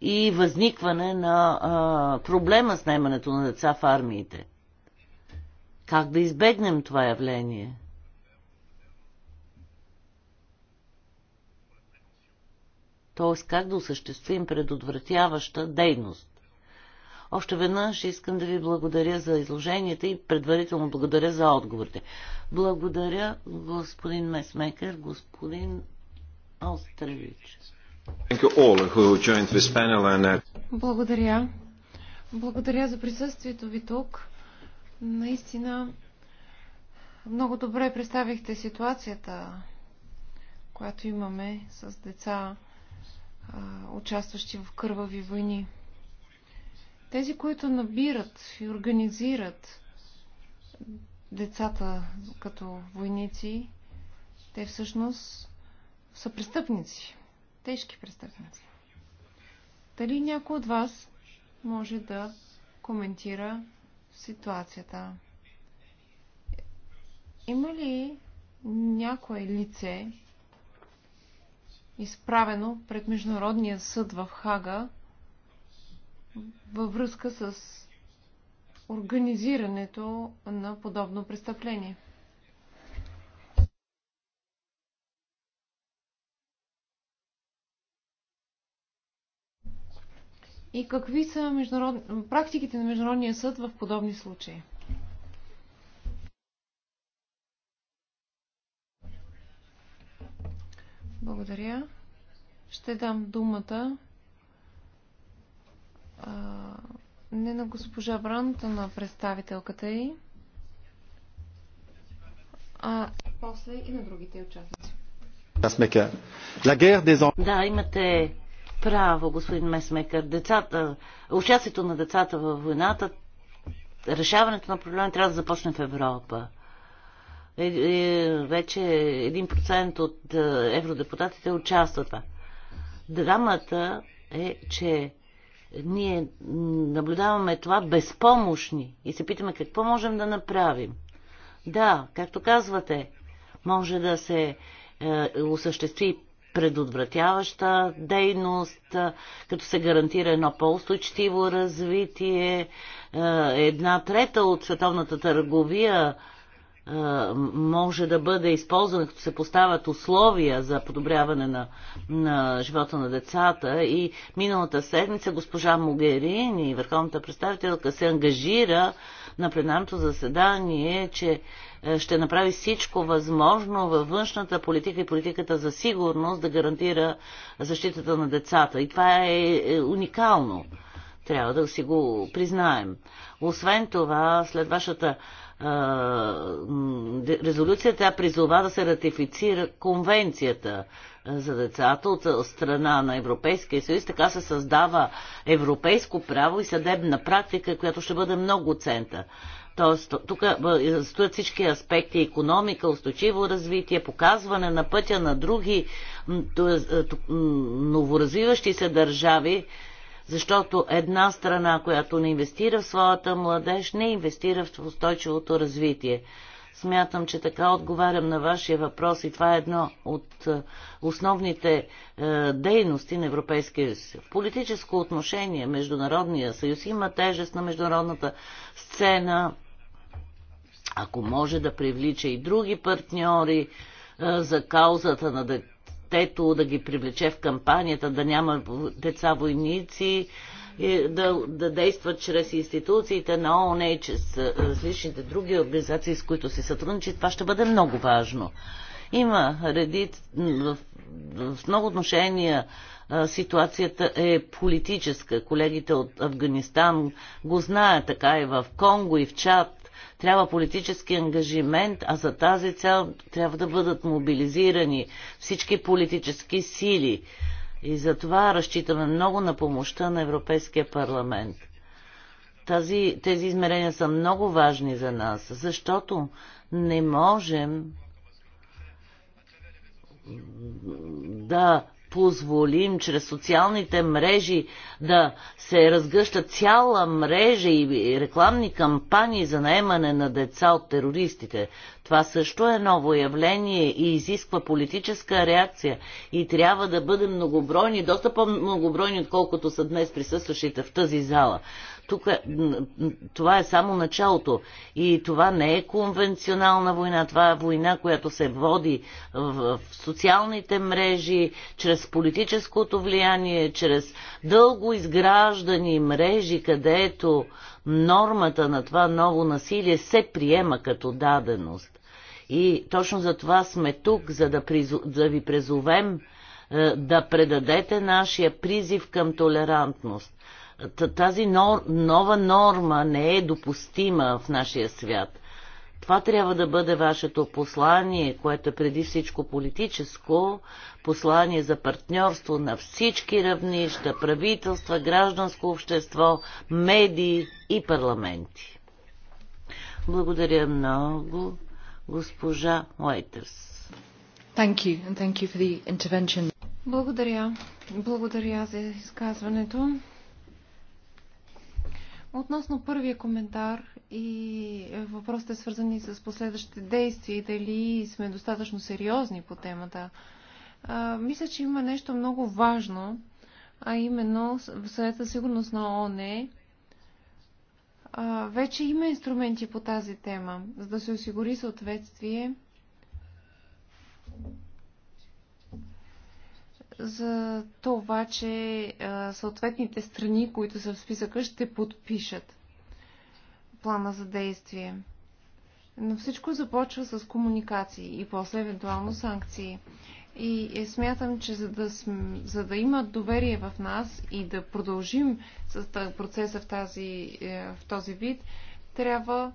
и възникване на а, проблема с наймането на деца в армиите. Как да избегнем това явление? т.е. как да осъществим предотвратяваща дейност. Още веднъж искам да ви благодаря за изложенията и предварително благодаря за отговорите. Благодаря господин Месмекер, господин Остревич. Uh, благодаря. Благодаря за присъствието ви тук. Наистина много добре представихте ситуацията, която имаме с деца участващи в кървави войни. Тези, които набират и организират децата като войници, те всъщност са престъпници. Тежки престъпници. Дали някой от вас може да коментира ситуацията? Има ли някое лице, изправено пред Международния съд в Хага във връзка с организирането на подобно престъпление. И какви са международ... практиките на Международния съд в подобни случаи? Благодаря. Ще дам думата а, не на госпожа Бранта, на представителката й, а после и на другите участници. Да, имате право, господин Месмекър. Децата, участието на децата във войната, решаването на проблема трябва да започне в Европа. Е, е, вече 1% от е, евродепутатите участват това. Драмата е, че ние наблюдаваме това безпомощни и се питаме какво можем да направим. Да, както казвате, може да се е, осъществи предотвратяваща дейност, като се гарантира едно по-устойчиво развитие. Една трета от световната търговия може да бъде използван, като се поставят условия за подобряване на, на живота на децата. И миналата седмица госпожа Могерини, върховната представителка, се ангажира на пленарното заседание, че ще направи всичко възможно във външната политика и политиката за сигурност да гарантира защитата на децата. И това е, е уникално. Трябва да си го признаем. Освен това, след вашата резолюцията призова да се ратифицира конвенцията за децата от страна на Европейския съюз. Така се създава европейско право и съдебна практика, която ще бъде много цента. Тоест, тук стоят всички аспекти економика, устойчиво развитие, показване на пътя на други е, новоразвиващи се държави, защото една страна, която не инвестира в своята младеж, не инвестира в устойчивото развитие. Смятам, че така отговарям на вашия въпрос и това е едно от е, основните е, дейности на Европейския съюз. В политическо отношение Международния съюз има тежест на международната сцена, ако може да привлича и други партньори е, за каузата на детето, да ги привлече в кампанията, да няма деца войници, да, да действат чрез институциите на ООН и чрез различните други организации, с които се сътрудничи. Това ще бъде много важно. Има редит в, в много отношения ситуацията е политическа. Колегите от Афганистан го знаят така и е в Конго и в Чад трябва политически ангажимент, а за тази цел трябва да бъдат мобилизирани всички политически сили. И за това разчитаме много на помощта на Европейския парламент. Тази, тези измерения са много важни за нас, защото не можем да позволим чрез социалните мрежи да се разгъща цяла мрежа и рекламни кампании за наемане на деца от терористите. Това също е ново явление и изисква политическа реакция и трябва да бъдем многобройни, доста по-многобройни, отколкото са днес присъстващите в тази зала. Тук е, това е само началото. И това не е конвенционална война. Това е война, която се води в, в социалните мрежи, чрез политическото влияние, чрез дълго изграждани мрежи, където нормата на това ново насилие се приема като даденост. И точно за това сме тук, за да, призу, да ви призовем е, да предадете нашия призив към толерантност. Тази нова норма не е допустима в нашия свят. Това трябва да бъде вашето послание, което е преди всичко политическо, послание за партньорство на всички равнища, правителства, гражданско общество, медии и парламенти. Благодаря много, госпожа Уайтерс. Благодаря. Благодаря за изказването. Относно първия коментар и въпросите свързани с последващите действия и дали сме достатъчно сериозни по темата, а, мисля, че има нещо много важно, а именно в съвета сигурност на ООН вече има инструменти по тази тема, за да се осигури съответствие за това, че съответните страни, които са в списъка, ще подпишат плана за действие. Но всичко започва с комуникации и после евентуално санкции. И е, смятам, че за да, см, за да имат доверие в нас и да продължим с процеса в, тази, е, в този вид, трябва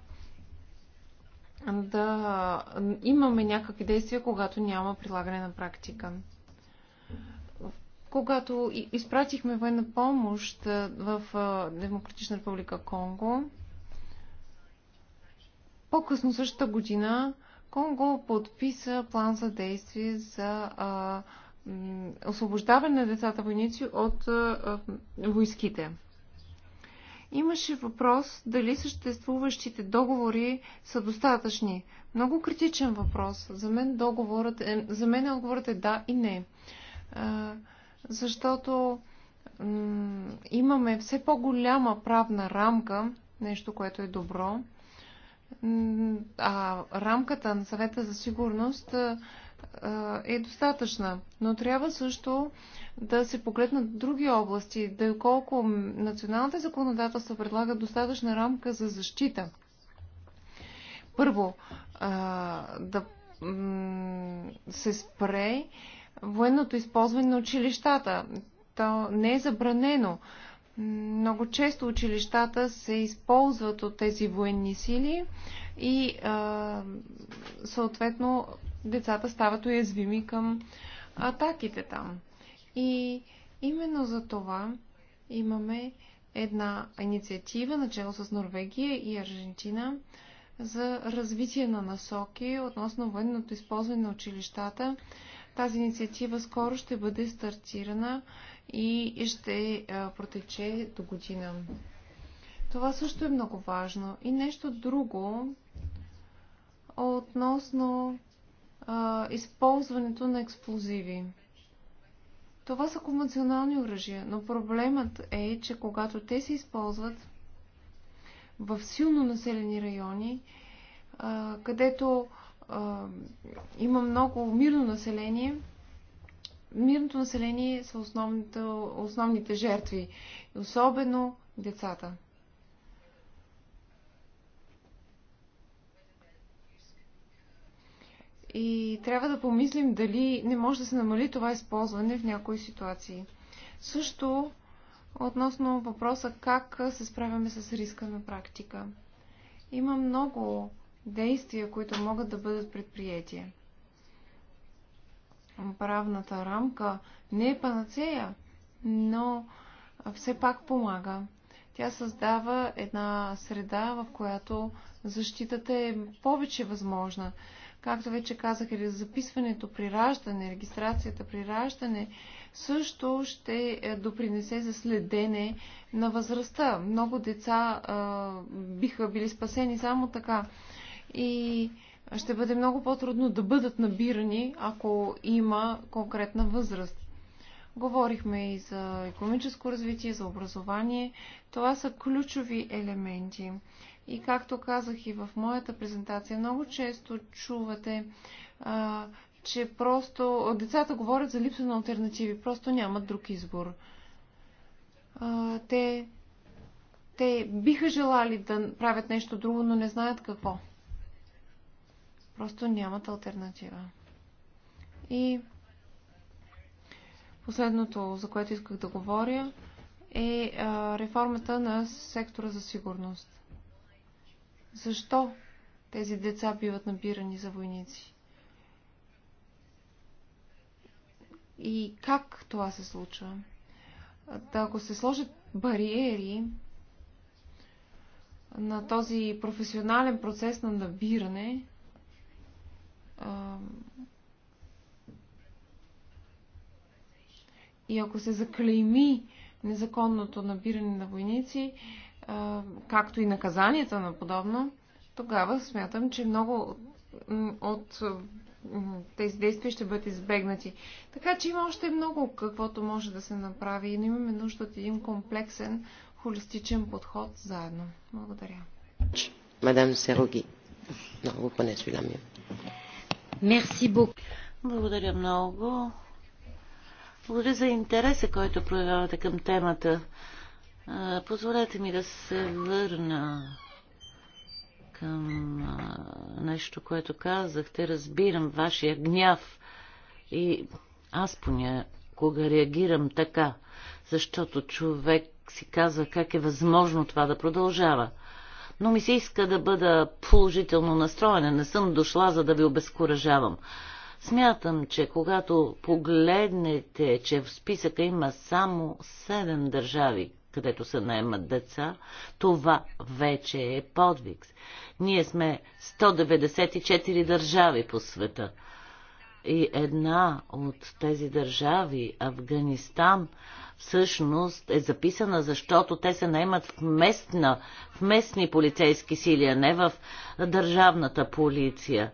да имаме някакви действия, когато няма прилагане на практика когато изпратихме военна помощ в Демократична република Конго, по-късно същата година Конго подписа план за действие за а, м, освобождаване на децата войници от а, войските. Имаше въпрос дали съществуващите договори са достатъчни. Много критичен въпрос. За мен, договорът е, за мен отговорът е да и не. А, защото имаме все по-голяма правна рамка, нещо, което е добро. А рамката на съвета за сигурност е достатъчна, но трябва също да се погледнат други области, колко националните законодателства предлагат достатъчна рамка за защита. Първо, да се спре военното използване на училищата. То не е забранено. Много често училищата се използват от тези военни сили и а, съответно децата стават уязвими към атаките там. И именно за това имаме една инициатива, начало с Норвегия и Аржентина, за развитие на насоки относно военното използване на училищата тази инициатива скоро ще бъде стартирана и ще протече до година. Това също е много важно. И нещо друго относно а, използването на експлозиви. Това са конвенционални оръжия, но проблемът е, че когато те се използват в силно населени райони, а, където има много мирно население. Мирното население са основните, основните жертви, особено децата. И трябва да помислим дали не може да се намали това използване в някои ситуации. Също относно въпроса как се справяме с риска на практика. Има много действия, които могат да бъдат предприяти. Правната рамка не е панацея, но все пак помага. Тя създава една среда, в която защитата е повече възможна. Както вече казах, записването при раждане, регистрацията при раждане също ще е, допринесе за следене на възрастта. Много деца а, биха били спасени само така и ще бъде много по-трудно да бъдат набирани, ако има конкретна възраст. Говорихме и за економическо развитие, за образование. Това са ключови елементи. И както казах и в моята презентация, много често чувате, а, че просто децата говорят за липса на альтернативи, просто нямат друг избор. А, те, те биха желали да правят нещо друго, но не знаят какво. Просто нямат альтернатива. И последното, за което исках да говоря, е реформата на сектора за сигурност. Защо тези деца биват набирани за войници? И как това се случва? Да, ако се сложат бариери на този професионален процес на набиране, и ако се заклейми незаконното набиране на войници, както и наказанията на подобно, тогава смятам, че много от тези действия ще бъдат избегнати. Така че има още много каквото може да се направи и имаме нужда от един комплексен, холистичен подход заедно. Благодаря. Мадам Сероги. Много поне свилям. Благодаря много. Благодаря за интереса, който проявявате към темата. Позволете ми да се върна към нещо, което казахте. Разбирам вашия гняв и аз поня кога реагирам така, защото човек си казва как е възможно това да продължава но ми се иска да бъда положително настроена. Не съм дошла, за да ви обезкуражавам. Смятам, че когато погледнете, че в списъка има само 7 държави, където се наемат деца, това вече е подвиг. Ние сме 194 държави по света. И една от тези държави, Афганистан, всъщност е записана, защото те се наемат в, местна, в местни полицейски сили, а не в държавната полиция.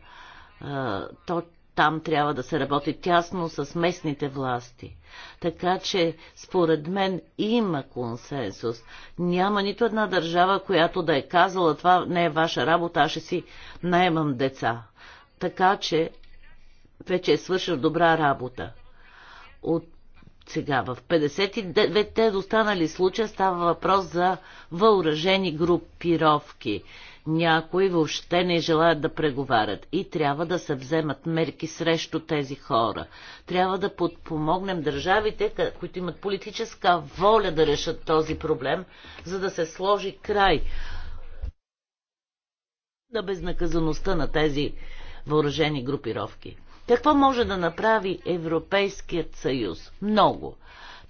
То там трябва да се работи тясно с местните власти. Така че, според мен, има консенсус. Няма нито една държава, която да е казала, това не е ваша работа, аз ще си наемам деца. Така че, вече е свършил добра работа. От сега в 59-те останали случая става въпрос за въоръжени групировки. Някои въобще не желаят да преговарят и трябва да се вземат мерки срещу тези хора. Трябва да подпомогнем държавите, които имат политическа воля да решат този проблем, за да се сложи край на безнаказаността на тези въоръжени групировки. Какво може да направи Европейският съюз? Много.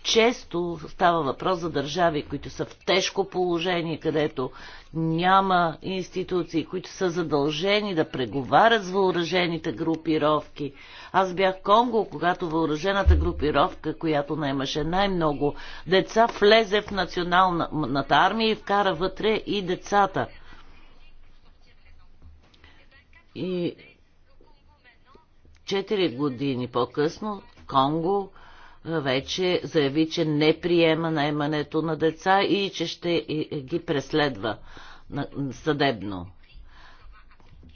Често става въпрос за държави, които са в тежко положение, където няма институции, които са задължени да преговарят с въоръжените групировки. Аз бях в Конго, когато въоръжената групировка, която наймаше най-много деца, влезе в националната армия и вкара вътре и децата. И Четири години по-късно Конго вече заяви, че не приема наемането на деца и че ще ги преследва съдебно.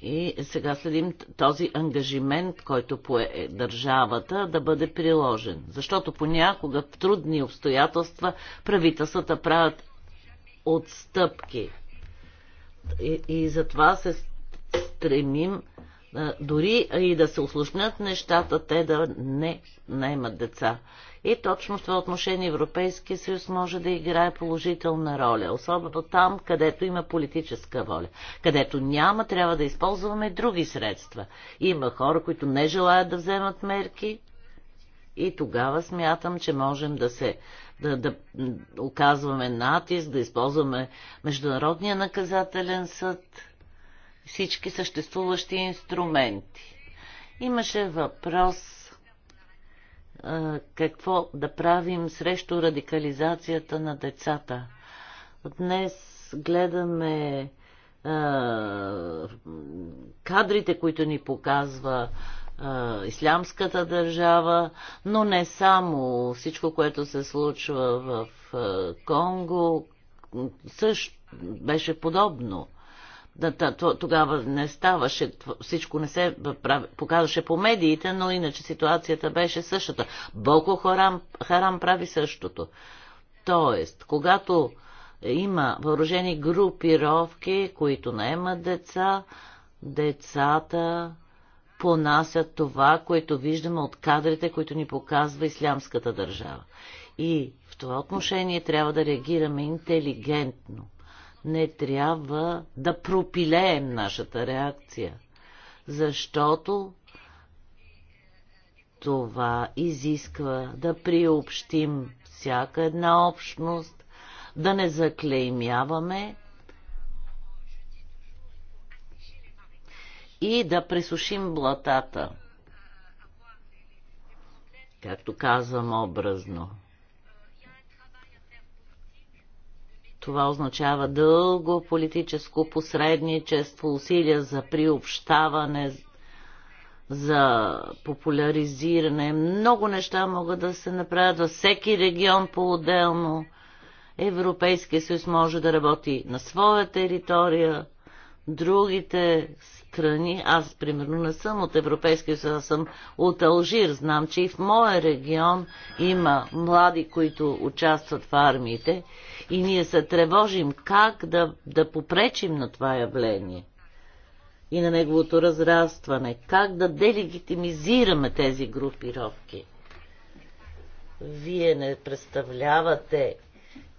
И сега следим този ангажимент, който пое е, държавата, да бъде приложен. Защото понякога в трудни обстоятелства правителствата правят отстъпки. И, и затова се стремим е, дори и да се усложнят нещата, те да не наймат деца. И точно в това отношение Европейския съюз може да играе положителна роля, особено там, където има политическа воля. Където няма, трябва да използваме други средства. Има хора, които не желаят да вземат мерки и тогава смятам, че можем да се да, да оказваме натиск, да използваме Международния наказателен съд всички съществуващи инструменти. Имаше въпрос какво да правим срещу радикализацията на децата. Днес гледаме кадрите, които ни показва ислямската държава, но не само всичко, което се случва в Конго, също беше подобно. Тогава не ставаше, всичко не се показваше по медиите, но иначе ситуацията беше същата. Боко Харам, Харам прави същото. Тоест, когато има въоръжени групировки, които наемат деца, децата понасят това, което виждаме от кадрите, които ни показва ислямската държава. И в това отношение трябва да реагираме интелигентно не трябва да пропилеем нашата реакция, защото това изисква да приобщим всяка една общност, да не заклеймяваме и да пресушим блатата. Както казвам образно – Това означава дълго политическо посредничество, усилия за приобщаване, за популяризиране. Много неща могат да се направят във всеки регион по-отделно. Европейския съюз може да работи на своя територия, другите страни. Аз, примерно, не съм от Европейския съюз, аз съм от Алжир. Знам, че и в моя регион има млади, които участват в армиите и ние се тревожим как да, да попречим на това явление и на неговото разрастване, как да делегитимизираме тези групировки. Вие не представлявате,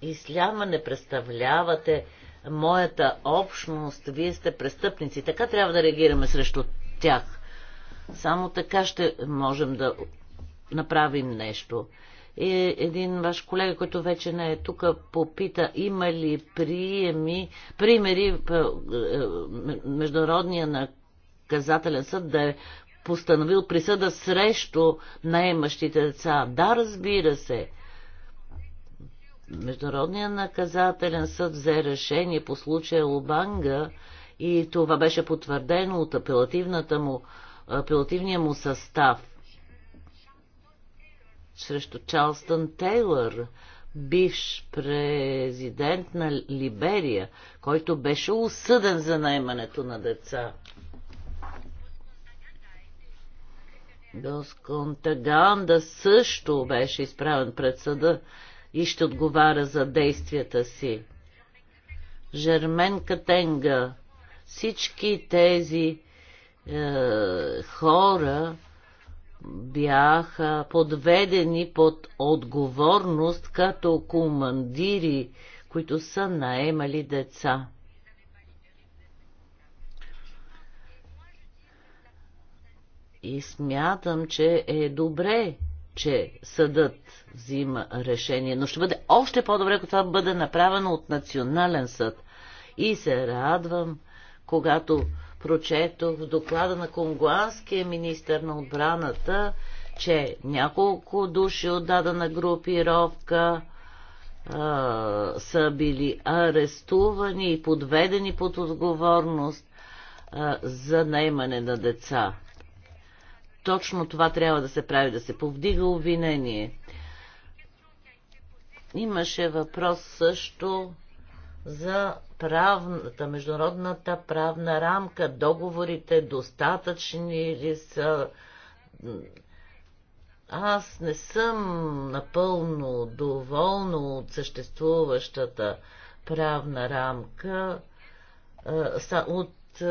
исляма не представлявате моята общност, вие сте престъпници. Така трябва да реагираме срещу тях. Само така ще можем да направим нещо е, един ваш колега, който вече не е тук, попита има ли приеми, примери е, Международния наказателен съд да е постановил присъда срещу наемащите деца. Да, разбира се. Международният наказателен съд взе решение по случая Лубанга и това беше потвърдено от апелативната му, апелативния му състав – срещу Чарлстън Тейлър, бивш президент на Либерия, който беше осъден за наймането на деца. Доскон Таганда също беше изправен пред съда и ще отговаря за действията си. Жермен Катенга, всички тези е, хора, бяха подведени под отговорност като командири, които са наемали деца. И смятам, че е добре, че съдът взима решение, но ще бъде още по-добре, ако това бъде направено от национален съд. И се радвам, когато прочетох в доклада на конгуанския министр на отбраната, че няколко души от дадена групировка а, са били арестувани и подведени под отговорност а, за наймане на деца. Точно това трябва да се прави, да се повдига обвинение. Имаше въпрос също за правната, международната правна рамка, договорите достатъчни ли са. Аз не съм напълно доволна от съществуващата правна рамка. Е, от, е,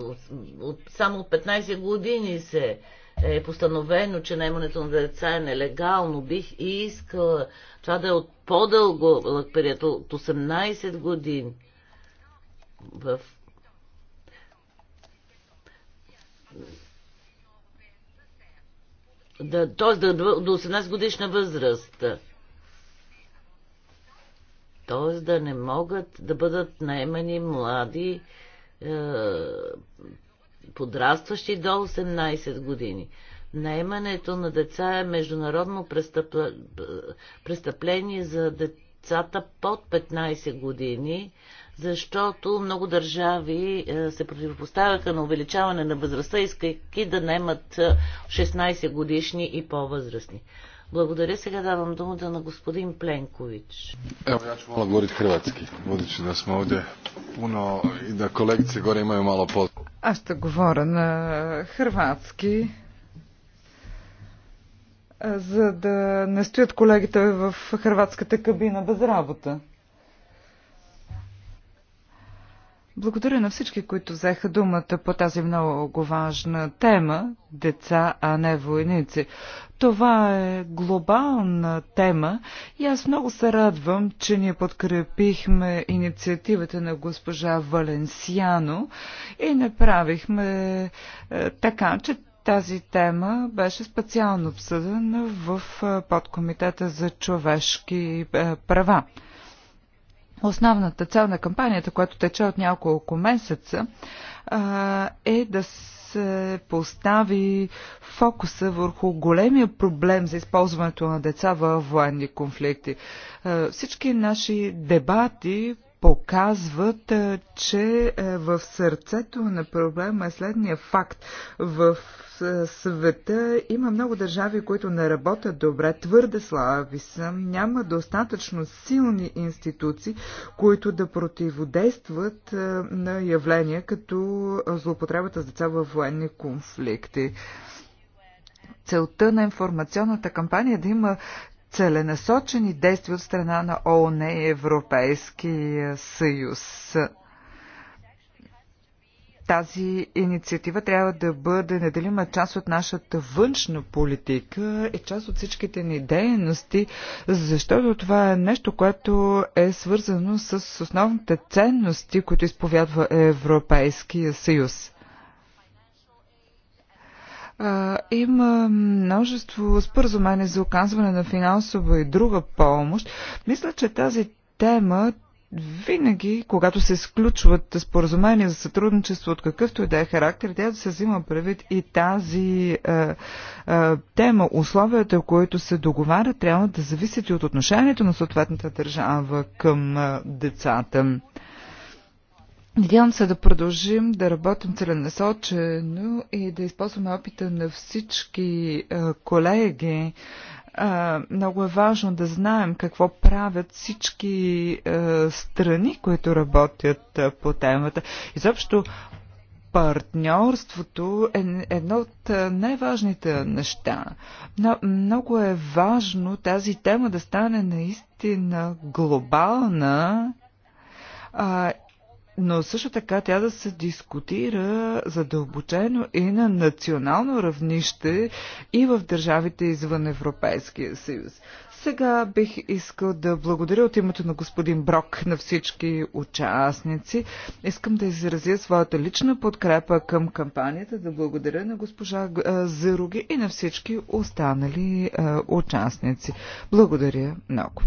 от, от, само 15 години се е постановено, че наемането на деца е нелегално. Бих искала това да е от по-дълго период от 18 години в да, т.е. Да, до 18 годишна възраст. Т.е. да не могат да бъдат наймани млади е, подрастващи до 18 години. Наемането на деца е международно престъп... престъпление за децата под 15 години, защото много държави е, се противопоставяха на увеличаване на възрастта, искайки да наемат 16 е, годишни и по-възрастни. Благодаря. Сега давам думата на господин Пленкович. Evo, ja ću malo govoriti hrvatski, budući da smo ovdje puno i da kolegice gore imaju malo pot. Аз ще говоря на хрватски, за да не стоят колегите в хрватската кабина без работа. Благодаря на всички, които взеха думата по тази много важна тема – деца, а не войници. Това е глобална тема и аз много се радвам, че ние подкрепихме инициативата на госпожа Валенсиано и направихме е, така, че тази тема беше специално обсъдена в подкомитета за човешки права. Основната цел на кампанията, която тече от няколко месеца, е да се постави фокуса върху големия проблем за използването на деца във военни конфликти. Всички наши дебати показват, че в сърцето на проблема е следния факт. В света има много държави, които не работят добре, твърде слаби са, няма достатъчно силни институции, които да противодействат на явления като злоупотребата с деца във военни конфликти целта на информационната кампания е да има целенасочени действия от страна на ООН и Европейския съюз. Тази инициатива трябва да бъде неделима част от нашата външна политика и част от всичките ни дейности, защото това е нещо, което е свързано с основните ценности, които изповядва Европейския съюз има множество споразумения за оказване на финансова и друга помощ. Мисля, че тази тема винаги, когато се изключват споразумения за сътрудничество от какъвто и да е характер, тя да се взима предвид и тази е, е, тема. Условията, които се договарят, трябва да зависят и от отношението на съответната държава към е, децата. Надявам се да продължим да работим целенасочено и да използваме опита на всички колеги. Много е важно да знаем какво правят всички страни, които работят по темата. Изобщо партньорството е едно от най-важните неща. Но много е важно тази тема да стане наистина глобална а, но също така тя да се дискутира задълбочено и на национално равнище и в държавите извън Европейския съюз. Сега бих искал да благодаря от името на господин Брок на всички участници. Искам да изразя своята лична подкрепа към кампанията, да благодаря на госпожа Зъруги и на всички останали участници. Благодаря много.